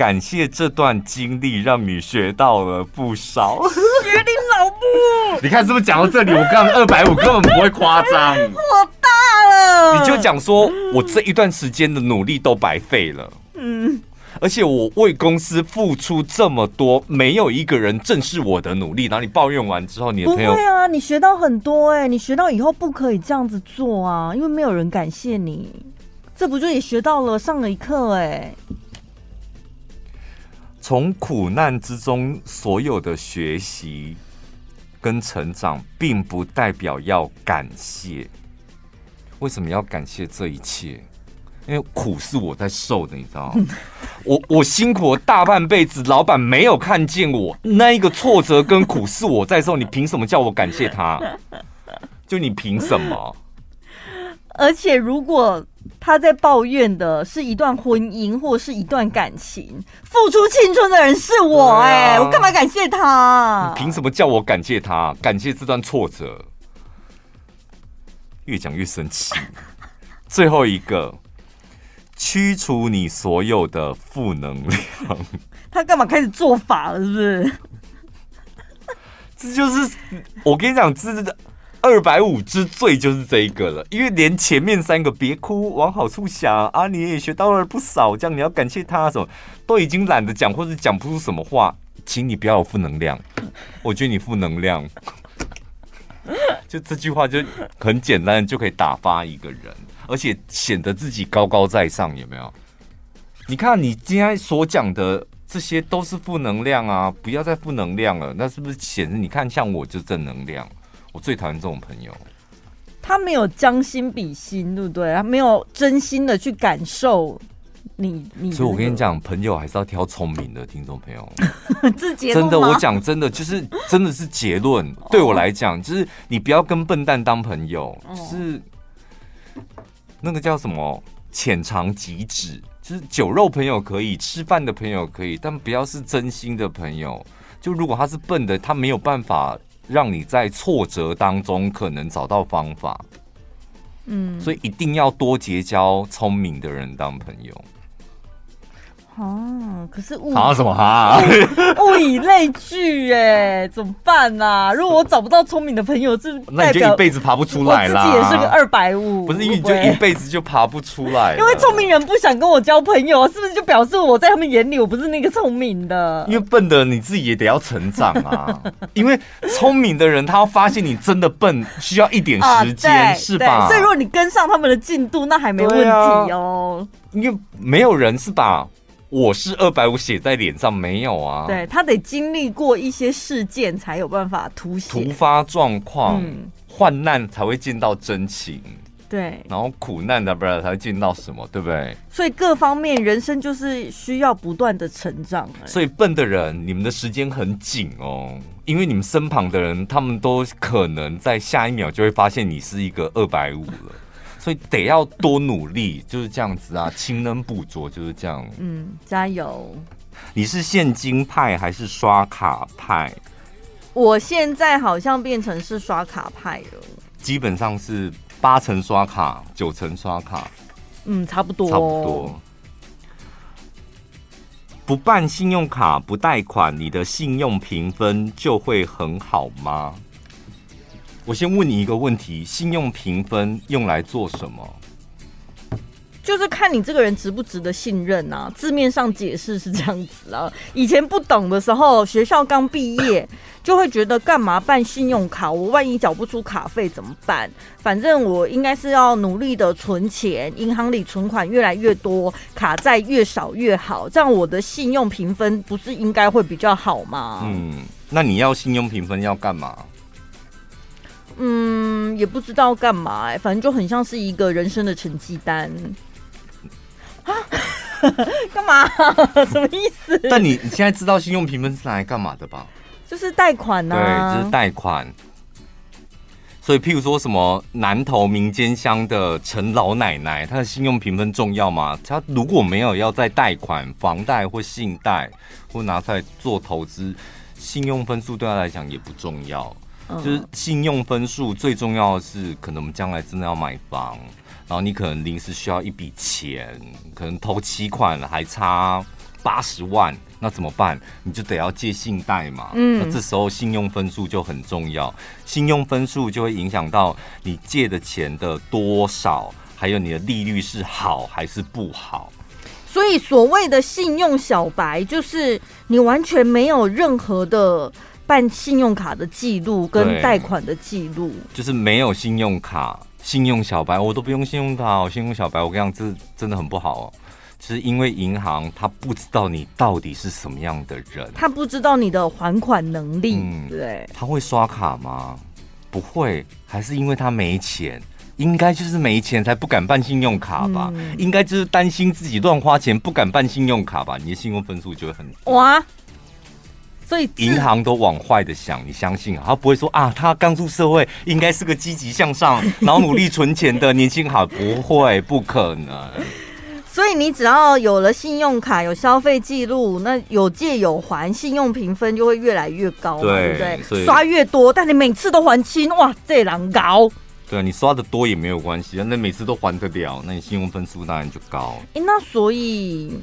S1: 感謝這段經歷，讓你學到了不少，
S2: 學你老不？你看是不是講到這裡，我剛剛二百五根本不會誇張，火大了！你就講
S1: 說我這一段時間的努力都白費了，嗯，而且我為公司付出這麼多，沒有一個人正視我的努力，然後你抱怨完之後，你也沒有對
S2: 啊，你學到很多哎、欸，你學到以後不可以這樣子做啊，因為沒有人感謝你，這不就也學到了上了一課哎、欸。
S1: 從苦難之中所有的學習跟成長，並不代表要感謝。為什麼要感謝這一切？因為苦是我在受的，你知道嗎？我我辛苦了大半輩子，老闆沒有看見我，那一個挫折跟苦是我在受，你憑什麼叫我感謝他？就你憑什麼？
S2: 而且如果。他在抱怨的是一段婚姻或是一段感情，付出青春的人是我哎、欸，啊、我幹嘛感謝他？你
S1: 憑什麼叫我感謝他？感謝這段挫折，越講越生氣。 最後一個，驅除你所有的負能量。
S2: 他幹嘛開始做法了？是不是？ 這
S1: 就是我跟你講，這這。二百五之最就是這一個了，因為連前面三個別哭，往好處想啊，你也學到了不少，這樣你要感謝他什麼，都已經懶得講或者講不出什麼話，請你不要有負能量，我覺得你負能量，就這句話就很簡單就可以打發一個人，而且顯得自己高高在上，有沒有？你看你今天所講的這些都是負能量啊，不要再負能量了，那是不是顯示你看像我就正能量？我最討厭這種朋友，
S2: 他沒有將心比心，對不對？他沒有真心的去感受你，你、那個。所以我跟
S1: 你講，朋友還是要挑聰明的， 聽眾朋友。 真的，我講真的，就是真的是結論。 對我來講，就是你不要跟笨蛋當朋友，就是那個叫什麼淺嘗即止，就是酒肉朋友可以，吃飯的朋友可以，但不要是真心的朋友。就如果他是笨的，他沒有辦法。讓你在挫折當中可能找到方法，嗯，所以一定要多結交聰明的人當朋友。哦、
S2: 啊，可是爬、啊、什麼爬？物以類聚哎，怎麼辦啊？如果我找不到聰明的朋友，這，那你就一輩
S1: 子爬不出來啦。我自己也是個二
S2: 百五，不是因為你就一
S1: 輩子就爬不出來。因為聰
S2: 明人不想跟我交朋友，是不是就表示我在他們眼裡我不是那個聰明的？
S1: 因為笨的你自己也得要成長啊。 因為聰明的人他要發現你真的笨，需要一點時間，啊、是吧？所以如
S2: 果你跟上他們的進度，那還沒問題哦。啊、因為
S1: 沒有人是吧？我是二百五，寫在臉上沒有啊？對
S2: 他得經歷過一些事件，才有辦法
S1: 凸顯突發狀況，嗯、患難才會見到真情。
S2: 對，
S1: 然後苦難的不知道才會見到什麼，對不對？
S2: 所以各方面人生就是需要不斷的成長，
S1: 欸。所以笨的人，你們的時間很緊哦，因為你們身旁的人，他們都可能在下一秒就會發現你是一個二百五了。 所以得要多努力，就是這樣子啊，勤能補拙，就是這樣。
S2: 嗯，加油。
S1: 你是現金派還是刷卡派？
S2: 我現在好像變成是刷卡派了。
S1: 基本上是八成刷卡，九成刷卡。
S2: 嗯，差不多，差不多。
S1: 不辦信用卡，不貸款，你的信用評分就會很好嗎？我先問你一個問題：信用評分用來做什麼？
S2: 就是看你這個人值不值得信任啊。字面上解釋是這樣子啊。以前不懂的時候，學校剛畢業 就會覺得，幹嘛辦信用卡？我萬一繳不出卡費怎麼辦？反正我應該是要努力的存錢，銀行裡存款越來越多，卡債越少越好，這樣我的信用評分不是應該會比較好嗎？
S1: 嗯，那你要信用評分要幹嘛？
S2: 嗯，也不知道幹嘛、欸，哎，反正就很像是一個人生的成績單
S1: 啊，幹 嘛？什麼意思？ 但你你現在知道信用評分是拿來幹嘛的吧？就是貸款吶、啊，對，就是貸款。所以，譬如說什麼南投民間鄉的陳老奶奶，她的信用評分重要嗎？她如果沒有要再貸款、房貸或信貸，或拿出來做投資，信用分數對她來講也不重要。就是信用分數最重要的是，可能我們將來真的要買房，然後你可能臨時需要一筆錢，可能頭期款了還差八十萬，那怎麼辦？你就得要借信貸嘛。嗯，那這時候信用分數就很重要，信用分數就會影響到你借的錢的多少，還有你的利率是好還是不好。
S2: 所以所謂的信用小白，就是你完全沒有任何的。辦信用卡的記錄跟貸款的記錄，
S1: 就是沒有信用卡，信用小白，我都不用信用卡哦，信用小白，我跟你講這樣這真的很不好哦。就是因為銀行他不知道你到底是什麼樣的人，
S2: 他不知道你的還款能力，嗯，
S1: 對，他會刷卡嗎？不會，還是因為他沒錢？應該就是沒錢才不敢辦信用卡吧？嗯，應該就是擔心自己亂花錢，不敢辦信用卡吧？你的信用分數就會很
S2: 哇。.所以銀行
S1: 都往壞的想，你相信啊？他不會說啊，他剛出社會應該是個積極向上，然後努力存錢的年輕好， 不會，不可能。
S2: 所以你只要有了信用卡，有消費記錄，那有借有還，信用評分就會越來越高嘛對，對不對？以刷越多，但你每次都還清，哇，這難搞。
S1: 對啊，你刷的多也沒有關係啊，那你每次都還得了，那你信用分數當然就高。哎、
S2: 欸，那所以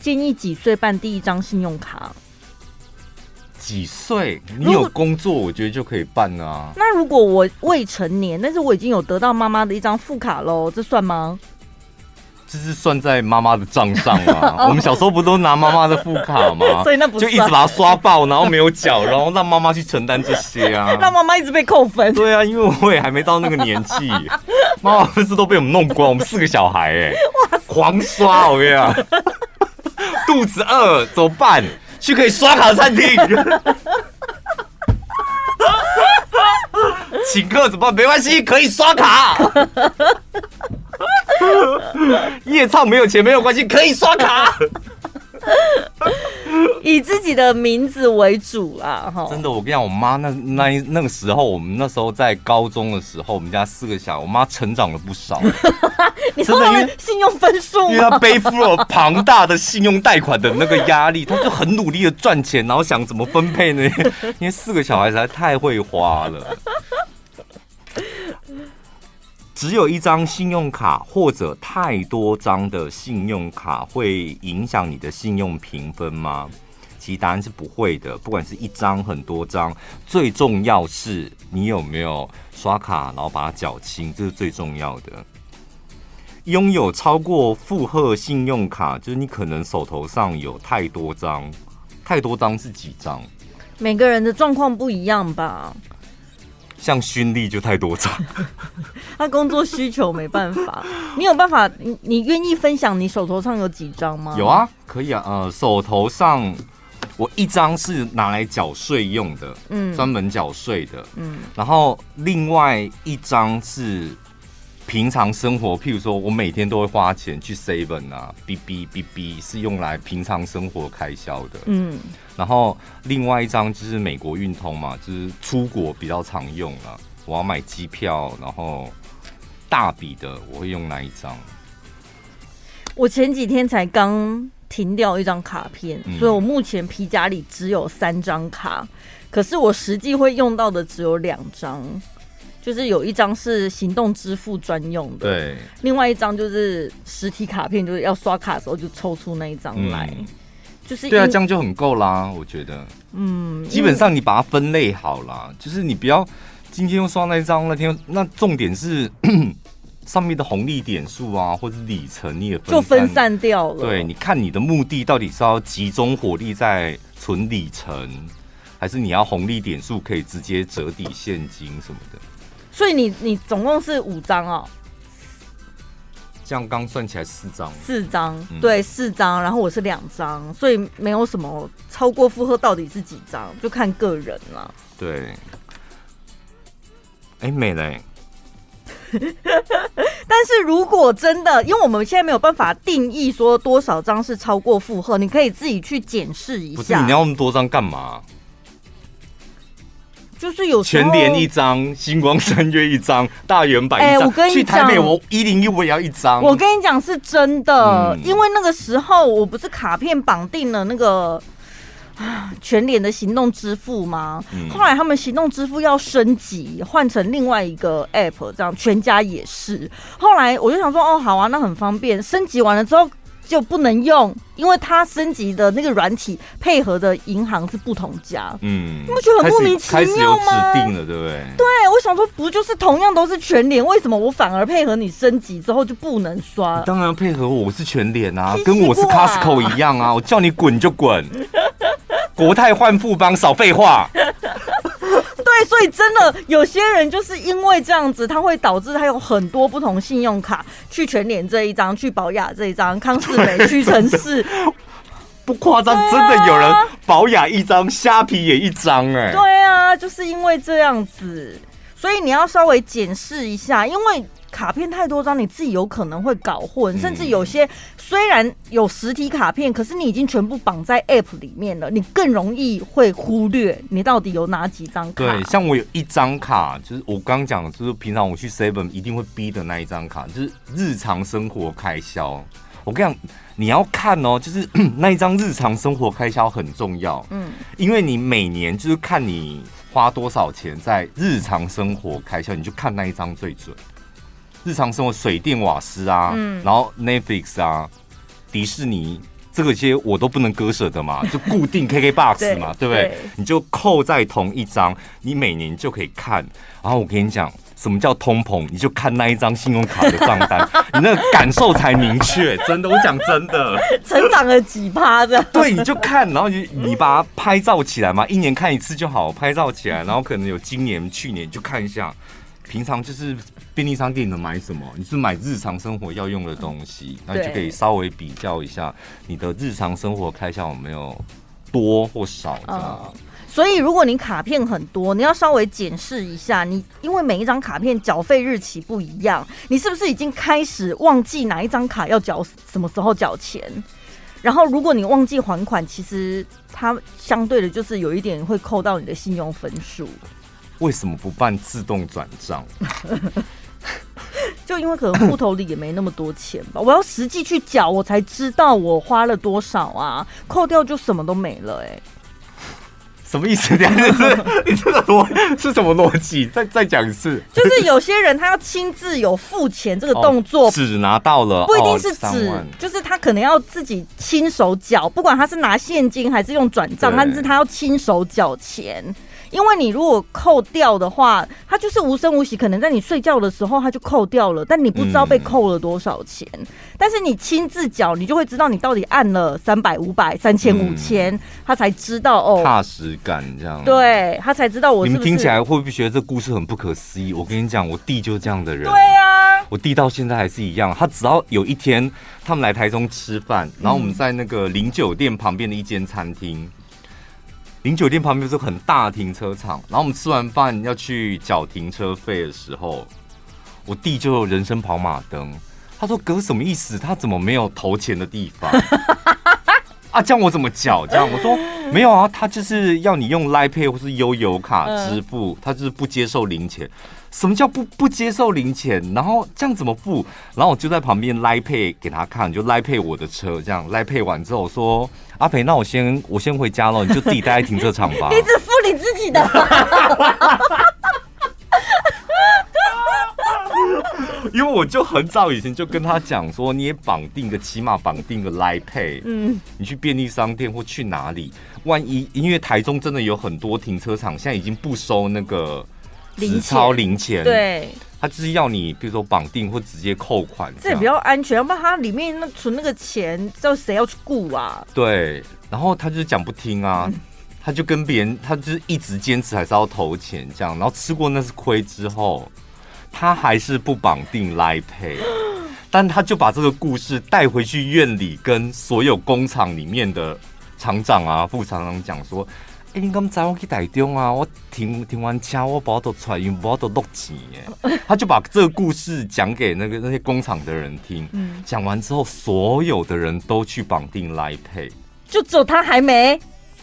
S2: 建議幾歲辦第一張信用卡？
S1: 幾歲？你有工作，我覺得就可以辦啊。
S2: 那如果我未成年，但是我已經有得到媽媽的一張副卡嘍，這算嗎？
S1: 這是算在媽媽的賬上啊。 我們小時候不都拿媽媽的副卡嗎？ 所以那不就一直把它刷爆，然後沒有繳，然後讓媽媽去承擔這些啊？ 讓媽媽一直被扣分。對啊，因為我也還沒到那個年紀，媽媽不是都被我們弄光，我們四個小孩哎、欸，哇塞，狂刷，我跟你講！ 肚子餓怎麼辦？去可以刷卡的餐廳，請客怎麼辦？沒關係，可以刷卡。夜唱沒有錢，沒有關係，可以刷卡。
S2: 以自己的名字為主啦。啊，真
S1: 的，我跟你講我媽那那那個時候，我們那時候在高中的時候，我們家四個小孩，我媽成長了不少。
S2: 你說的因為信用分數，因為她背負了龐大
S1: 的信用貸款的那個壓力，她就很努力的賺錢，然後想怎麼分配呢？因為四個小孩子太會花了。只有一張信用卡或者太多張的信用卡會影響你的信用評分嗎？其實答案是不會的，不管是一張、很多張，最重要是你有沒有刷卡，然後把它繳清，這是最重要的。擁有超過負荷信用卡，就是你可能手頭上有太多張，太多張是幾張？
S2: 每個人的狀況不一樣吧。
S1: 像勳歷就太多張，
S2: 他工作需求沒辦法。你有辦法？你你願意分享你手頭上有幾張嗎？有啊，
S1: 可以啊。呃，手頭上我一張是拿來繳稅用的，嗯，專門繳稅的，嗯。然後另外一張是。平常生活，譬如說我每天都會花錢去 Seven 啊，嗶嗶嗶嗶是用來平常生活開銷的。嗯，然後另外一張就是美國運通嘛，就是出國比較常用了、啊。我要買機票，然後大筆的我會用哪一張？我
S2: 前幾天才剛停掉一張卡片，嗯、所以我目前皮夾裡只有三張卡，可是我實際會用到的只有兩張。就是有一張是行動支付專用的，對，另外一張就是實體卡片，就是要刷卡的時候就抽出那一張來，嗯、
S1: 就是對啊，這樣就很夠啦，我覺得，嗯，基本上你把它分類好啦，為就是你不要今天又刷那一張，那天那重點是 上面的紅利點數啊，或者里程，你也分就分
S2: 散掉了，對，
S1: 你看你的目的到底是要集中火力在存里程，還是你要紅利點數可以直接折抵現金什麼的？
S2: 所以你你總共是五張哦，
S1: 這樣剛算起來四張，四張張、嗯、對四
S2: 張，然後我是兩張，所以沒有什麼超過負荷，到底是幾張就看個人了。
S1: 對，哎、欸，美蕾、
S2: 欸， 但是如果真的，因為我們現在沒有辦法定義說多少張是超過負荷，你可以自己去檢視一下。不是你
S1: 要那麼多張幹嘛？就是有全聯一張，新光三越一張，大遠百一張，欸、去台北我一零一我也要一張。我跟
S2: 你講是真的，嗯、因為那個時候我不是卡片綁定了那個全聯的行動支付嗎？嗯、後來他們行動支付要升級，換成另外一個 app，這樣全家也是。後來我就想說，哦，好啊，那很方便。升級完了之後。就不能用，因為它升級的那個軟體配合的銀行是不同家，嗯，
S1: 那不就很莫名其妙嗎開？開始有指定了，對不
S2: 對？對，我想說，不就是同樣都是全聯，為什麼我反而配合你升級之後就不能刷？
S1: 當然要配合，我是全聯啊，跟我是 Costco 一樣啊，啊我叫你滾就滾， 國泰換富邦，少廢話。
S2: 所以真的有些人就是因為這樣子，他會導致他有很多不同信用卡，去全聯這一張，去寶雅這一張，康是美對屈臣氏，
S1: 不誇張，啊、真的有人寶雅一張，蝦皮也一張，欸，哎，
S2: 對啊，就是因為這樣子，所以你要稍微檢視一下，因為。卡片太多張，你自己有可能會搞混，甚至有些雖然有實體卡片，可是你已經全部綁在 App 裡面了，你更容易會忽略你到底有哪幾張卡。對，
S1: 像我有一張卡，就是我剛剛講的，就是平常我去 Seven 一定會嗶的那一張卡，就是日常生活開銷。我跟你講，你要看哦，就是 那一張日常生活開銷很重要。嗯，因為你每年就是看你花多少錢在日常生活開銷，你就看那一張最準。日常生活水電瓦斯啊，嗯、然後 Netflix 啊，迪士尼這個些我都不能割捨的嘛，就固定 KK box 嘛， 對，對不對？對，你就扣在同一張，你每年就可以看。然後我跟你講，什麼叫通膨？你就看那一張信用卡的賬單， 你那個感受才明確。真的，我講真的，成長了幾趴的。這樣 對，你就看，然後你你把它拍照起來嘛，一年看一次就好，拍照起來，嗯、然後可能有今年、去年就看一下。平常就是便利商店你能買什麼？你是買日常生活要用的東西，嗯、那你就可以稍微比較一下你的日常生活開銷有沒有多或少、嗯。
S2: 所以如果你卡片很多，你要稍微檢視一下你，因為每一張卡片繳費日期不一樣，你是不是已經開始忘記哪一張卡要繳什麼時候繳錢？然後如果你忘記還款，其實它相對的就是有一點會扣到你的信用分數。
S1: 為什麼不辦自動轉賬，
S2: 啊？ 就因為可能戶頭裡也沒那麼多錢吧。 我要實際去繳，我才知道我花了多少啊！扣掉就什麼都沒了。欸，哎，
S1: 什麼意思？這樣你，你這個邏 是什麼邏輯？再再講一次，就是
S2: 有些人他要親自有付錢這個動作，紙、哦、
S1: 拿到了不一定是紙，哦、
S2: 就是他可能要自己親手繳，不管他是拿現金還是用轉賬，對但是他要親手繳錢。因為你如果扣掉的話，它就是無聲無息，可能在你睡覺的時候它就扣掉了，但你不知道被扣了多少錢。嗯、但是你親自繳，你就會知道你到底按了三百、嗯、五百、三千、五千，他才知道哦。踏
S1: 實感這樣。對
S2: 他才知道我是是。你們聽起來
S1: 會不會覺得這故事很不可思議？我跟你講，我弟就是這樣的人。對啊。我弟到現在還是一樣，他只要有一天他們來台中吃飯，然後我們在那個林酒店旁邊的一間餐廳。嗯零酒店旁邊是很大的停車場，然後我們吃完飯要去繳停車費的時候，我弟就有人生跑馬燈，他說：“哥什麼意思？他怎麼沒有投錢的地方？” 啊，叫我怎麼繳？這樣我說沒有啊，他就是要你用 LINE Pay 或是悠遊卡支付，嗯、他就是不接受零錢。什麼叫不不接受零錢？然後這樣怎麼付？然後我就在旁邊 LINE Pay 給他看，就 LINE Pay 我的車，這樣 LINE Pay 完之後我說阿肥，那我先我先回家了，你就自己待在停車場吧。你
S2: 只付你自己的。
S1: 因為我就很早以前就跟他講說，你也綁定個，起碼綁定個 Line Pay。嗯，你去便利商店或去哪裡，萬一因為台中真的有很多停車場，現在已經不收那個零鈔零錢，對，他就是要你，比如說綁定或直接扣款，這也比較
S2: 安全，要不然他裡面那存那個錢，叫誰要去顧啊？
S1: 對，然後他就講不聽啊，他就跟別人，他就是一直堅持還是要投錢這樣，然後吃過那次虧之後。他還是不綁定 LINE Pay，但他就把這個故事帶回去院裡，跟所有工廠裡面的廠長啊、副廠長講說：“哎、欸，你剛才我去台中啊？我停、停完車，我把我都出來，因為把我都落錢。”他就把這個故事講給那個那些工廠的人聽。嗯，講完之後，所有的人都去綁定 LINE Pay，
S2: 就只有他還沒。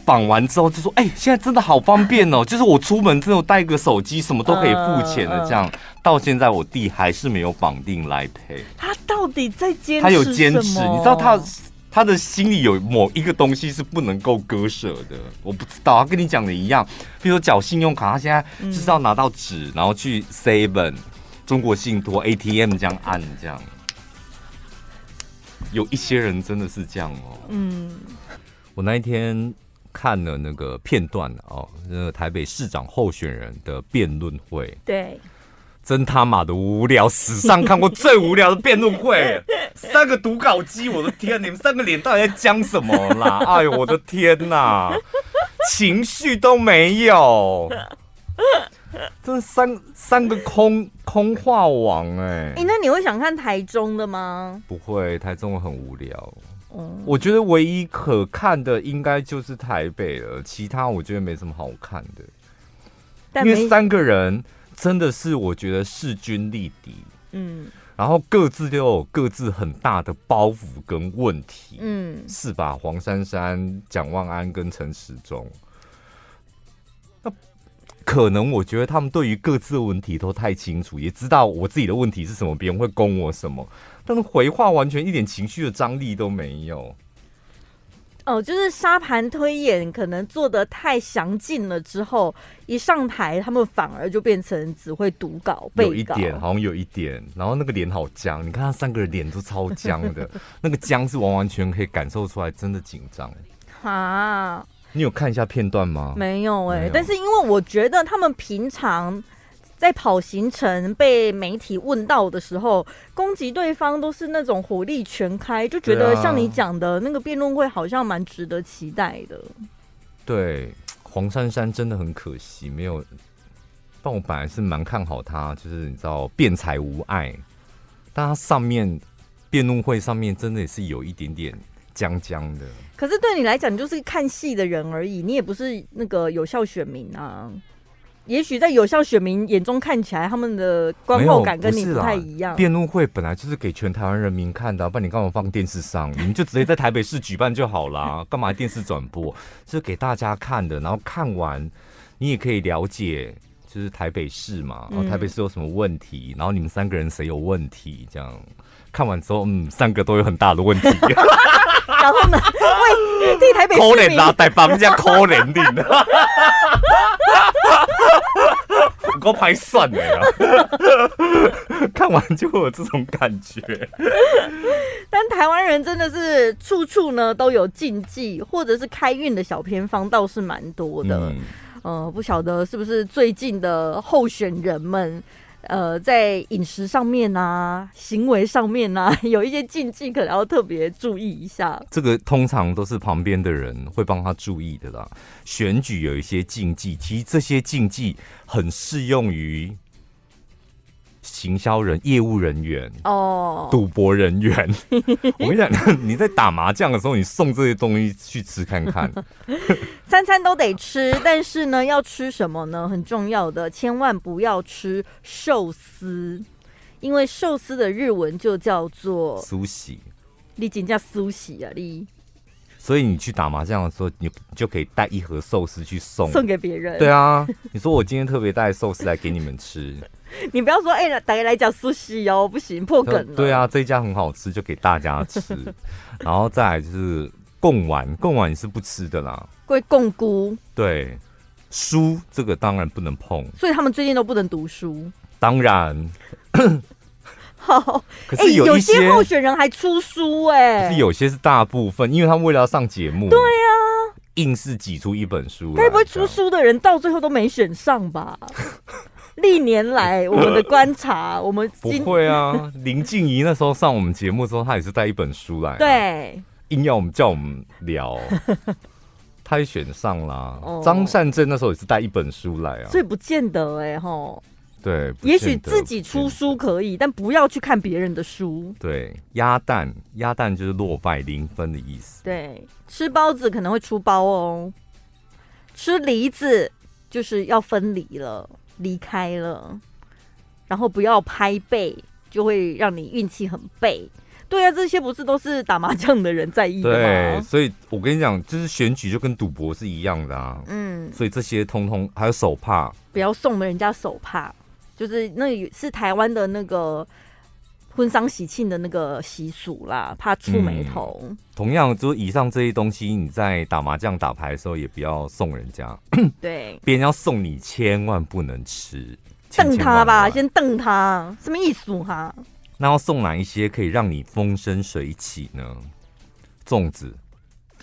S1: 綁完之後就說：“哎、欸，現在真的好方便哦！ 就是我出門之後帶個手機，什麼都可以付錢的。嗯嗯、這樣到現在，我弟還是沒有綁定來陪
S2: 他到底在堅持什麼？他有堅持，你知道他
S1: 他的心裡有某一個東西是不能夠割捨的，我不知道。他跟你講的一樣，比如說繳信用卡，他現在就是要拿到紙，嗯、然後去 Seven、中國信托 ATM 這樣按這樣。有一些人真的是這樣哦。嗯，我那一天。”看了那個片段哦，那個台北市長候選人的辯論會，對，真他媽的無聊，史上看過最無聊的辯論會， 三個讀稿機，我的天，你們三個臉到底在講什麼啦？哎呦，我的天哪、啊，情緒都沒有，這三三個空空話王哎、欸。哎、欸，那
S2: 你會想看台中的嗎？
S1: 不會，台中很無聊。我覺得唯一可看的應該就是台北了，其他我覺得沒什麼好看的。
S2: 因為三個
S1: 人真的是我覺得勢均力敵，嗯，然後各自都有各自很大的包袱跟問題，
S2: 嗯，
S1: 是吧？黃珊珊、蔣萬安跟陳時中，那、啊、可能我覺得他們對於各自的問題都太清楚，也知道我自己的問題是什麼，別人會攻我什麼。但是回話完全一點情緒的張力都沒有。哦，就是
S2: 沙盤推演，可能做得太詳盡了，之後一上台，他們反而就變成只會讀稿背稿，有一點好
S1: 像有一點，然後那個臉好僵，你看他三個人臉都超僵的， 那個僵是完完全可以感受出來，真的緊張
S2: 啊！
S1: 你有看一下片段嗎？沒有哎、欸，沒有。但是因
S2: 為我覺得他們平常。在跑行程被媒體問到的時候，攻擊對方都是那種火力全開，就覺得像你講的那個辯論會好像蠻值得期待的。
S1: 對，黃珊珊真的很可惜，沒有。但我本來是蠻看好他，就是你知道辯才無礙，但他上面辯論會上面真的也是有一點點僵僵的。
S2: 可是對你來講，你就是看戲的人而已，你也不是那個有效選民啊。也許在有效選民眼中看起來，他們的觀後感是跟你不太一樣。辯
S1: 論會本來就是給全台灣人民看的、啊，不然你幹嘛放電視上？你們就直接在台北市舉辦就好了，幹 嘛電視轉播？是給大家看的。然後看完，你也可以了解，就是台北市嘛、嗯哦，台北市有什麼問題，然後你們三個人誰有問題？這樣看完之後，嗯，三個都有很大的問題。
S2: 然後呢？喂，這台北人可憐啦、啊，大人家可
S1: 憐 的，啊。我拍算了，看完就會有這種感覺。
S2: 但台灣人真的是處處呢都有禁忌，或者是開運的小偏方，倒是蠻多的。嗯，呃、不曉得是不是最近的候選人們。呃，在飲食上面啊，行為上面啊，有一些禁忌，可能要特別注意一下。
S1: 這個通常都是旁邊的人會幫他注意的啦。選舉有一些禁忌，其實這些禁忌很適用於。行銷人、業務人員、
S2: 哦，賭
S1: 博人員，
S2: 我跟你講，
S1: 你在打麻將的時候，你送這些東西去吃看看，
S2: 餐餐都得吃，但是呢，要吃什麼呢？很重要的，千萬不要吃壽司，因為壽司的日文就叫做蘇喜。Sushi。你緊叫蘇喜啊，你。
S1: 所以你去打麻將的時候，你就可以帶一盒壽司去送，送給別人。對啊，你說我今天特別帶壽司來給你們吃。
S2: 你不要說，哎、欸，大家來講蘇西哦，不行，破梗了。對
S1: 啊，這一家很好吃，就給大家吃，
S2: 然
S1: 後再來就是貢丸，貢丸你是不吃的啦。
S2: 歸貢菇。
S1: 對，書這個當然不能碰。
S2: 所以他們最近都不能讀書。
S1: 當然。
S2: 好，
S1: 可是有些、欸、有些候選
S2: 人還出書哎、欸。是
S1: 有些是大部分，因為他們為了要上節目。對啊。硬是擠出一本書來。該不會出
S2: 書的人到最後都沒選上吧？ 歷年來我們的觀察，我們不會啊。
S1: 林靜怡那時候上我們節目的時候，她也是帶一本書來，
S2: 對，
S1: 硬要我們叫我們聊，她也選上啦。張善正那時候也是帶一本書來啊，所以
S2: 不見得哎吼，
S1: 對，也許自己
S2: 出書可以，但不要去看別人的書。
S1: 對，鴨蛋，鴨蛋就是落敗零分的意思。
S2: 對，吃包子可能會出包哦。吃梨子就是要分離了。離開了，然後不要拍背，就會讓你運氣很背。對啊，這些不是都是打麻將的人在意的嗎？對？所
S1: 以，我跟你講，就是選舉就跟賭博是一樣的啊。嗯，所以這些通通還有手帕，
S2: 不要送了。人家手帕，就是那是台灣的那個。婚喪喜慶的那個習俗啦，怕觸霉頭、嗯。
S1: 同樣，就以上這些東西，你在打麻將、打牌的時候也不要送人家。
S2: 對，
S1: 別人要送你，千萬不能吃。千千萬萬，瞪他吧，
S2: 先瞪他，什麼意思哈、啊？那
S1: 要送哪一些可以讓你風生水起呢？粽子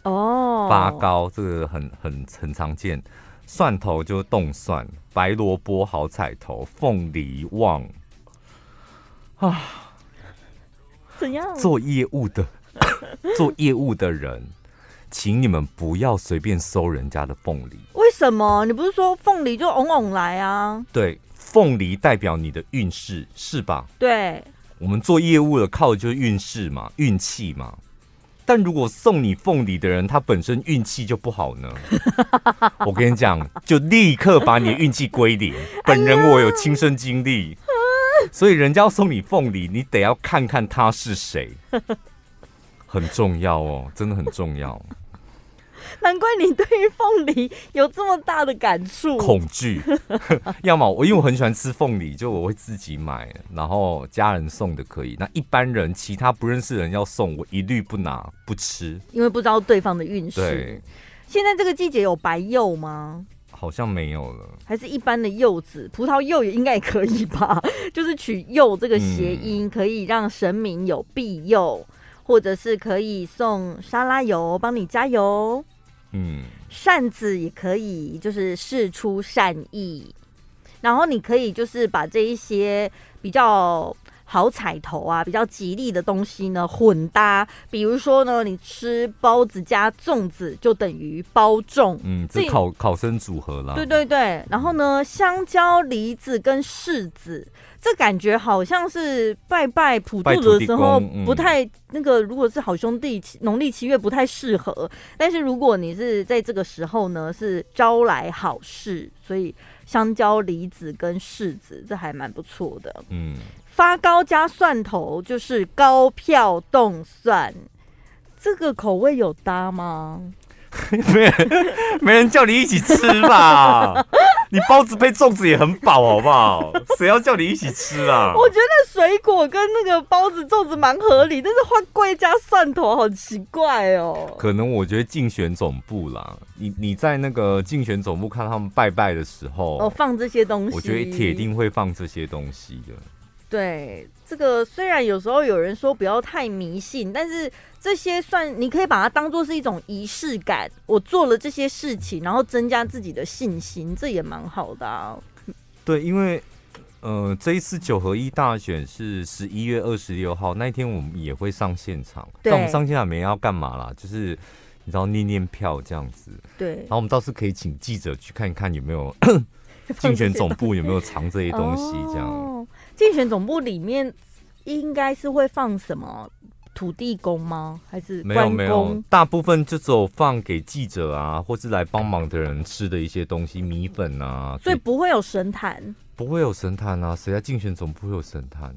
S2: 哦，oh、發糕
S1: 這個很很很常見，蒜頭就是凍蒜，白蘿蔔好彩頭，鳳梨旺啊。怎樣做業務的 做業務的人，請你們不要隨便收人家的鳳梨。
S2: 為什麼？不你不是說鳳梨就旺旺來啊？
S1: 對，鳳梨代表你的運勢，是吧？對，我們做業務的靠的就是運勢嘛，運氣嘛。但如果送你鳳梨的人他本身運氣就不好呢？ 我跟你講，就立刻把你的運氣歸零。本人我有親身經歷。哎呀 哎所以人家要送你鳳梨，你得要看看他是誰，很重要哦，真的很重要。
S2: 難怪你對於鳳梨有這麼大的感觸，恐
S1: 懼懼。 要麼我因為我很喜歡吃鳳梨，就我會自己買，然後家人送的可以。那一般人其他不認識的人要送，我一律不拿不吃，
S2: 因為不知道對方的運勢。對現在這個季節有白柚嗎？
S1: 好像沒有了，
S2: 還是一般的柚子，葡萄柚也應該也可以吧。就是取“柚”這個諧音，嗯、可以讓神明有庇佑，或者是可以送沙拉油幫你加油。
S1: 嗯，
S2: 扇子也可以，就是釋出善意。然後你可以就是把這一些比較。好彩頭啊，比較吉利的東西呢，混搭。比如說呢，你吃包子加粽子，就等於包粽。嗯，這考
S1: 考生組合啦，對
S2: 對對。然後呢，香蕉、梨子跟柿子，這感覺好像是拜拜。普渡的時候不太、嗯、那個，如果是好兄弟，農曆七月不太適合。但是如果你是在這個時候呢，是招來好事，所以香蕉、梨子跟柿子，這還蠻不錯的。嗯。發糕加蒜頭就是高票凍蒜，這個口味有搭嗎？ 沒
S1: 人，沒人叫你一起吃吧？ 你包子配粽子也很飽，好不好？誰 要叫你一起吃啊？我
S2: 覺得水果跟那個包子粽子蠻合理，但是發糕加蒜頭好奇怪哦。
S1: 可能我覺得競選總部啦，你你在那個競選總部看他們拜拜的時候，哦，放
S2: 這些東西，我覺得鐵
S1: 定會放這些東西的。
S2: 對這個，雖然有時候有人說不要太迷信，但是這些算你可以把它當做是一種儀式感。我做了這些事情，然後增加自己的信心，這也蠻好的啊。
S1: 對，因為呃，這一次九合一大選是十一月二十六號那一天，我們也會上現場。對但我們上現場，沒要幹嘛啦，就是你知道，念念票這樣子。對，然後我們倒是可以請記者去看一看，有沒有 競選總部有沒有藏這些東西，這樣。 哦，
S2: 競選總部裡面應該是會放什麼土地公嗎？還是關公？沒有沒有，
S1: 大部分就只有放給記者啊，或是來幫忙的人吃的一些東西，米粉啊。以所
S2: 以不會有神壇，
S1: 不會有神壇啊！誰在競選總部會有神壇？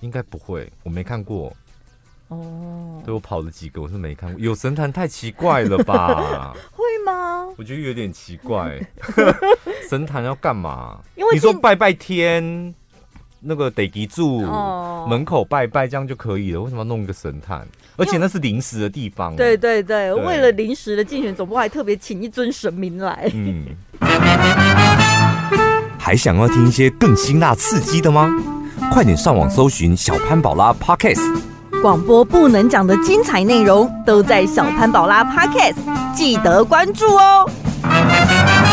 S1: 應該不會，我沒看過。哦，對我跑了幾個，我是沒看過。有神壇太奇怪了吧？ 會嗎？我覺得有點奇怪。 神壇要幹嘛？因為你說拜拜天。那個地基主門口拜拜，這樣就可以了。為什麼要弄一個神探？而且那是臨時的地方。對對
S2: 對，為了臨時的競選總部，還特別請一尊神明來。
S1: 嗯、啊，還想要聽一些更辛辣刺激的嗎？快點上網搜尋小潘寶拉 podcast，
S2: 廣播不能講的精彩內容都在小潘寶拉 podcast，記得關注哦。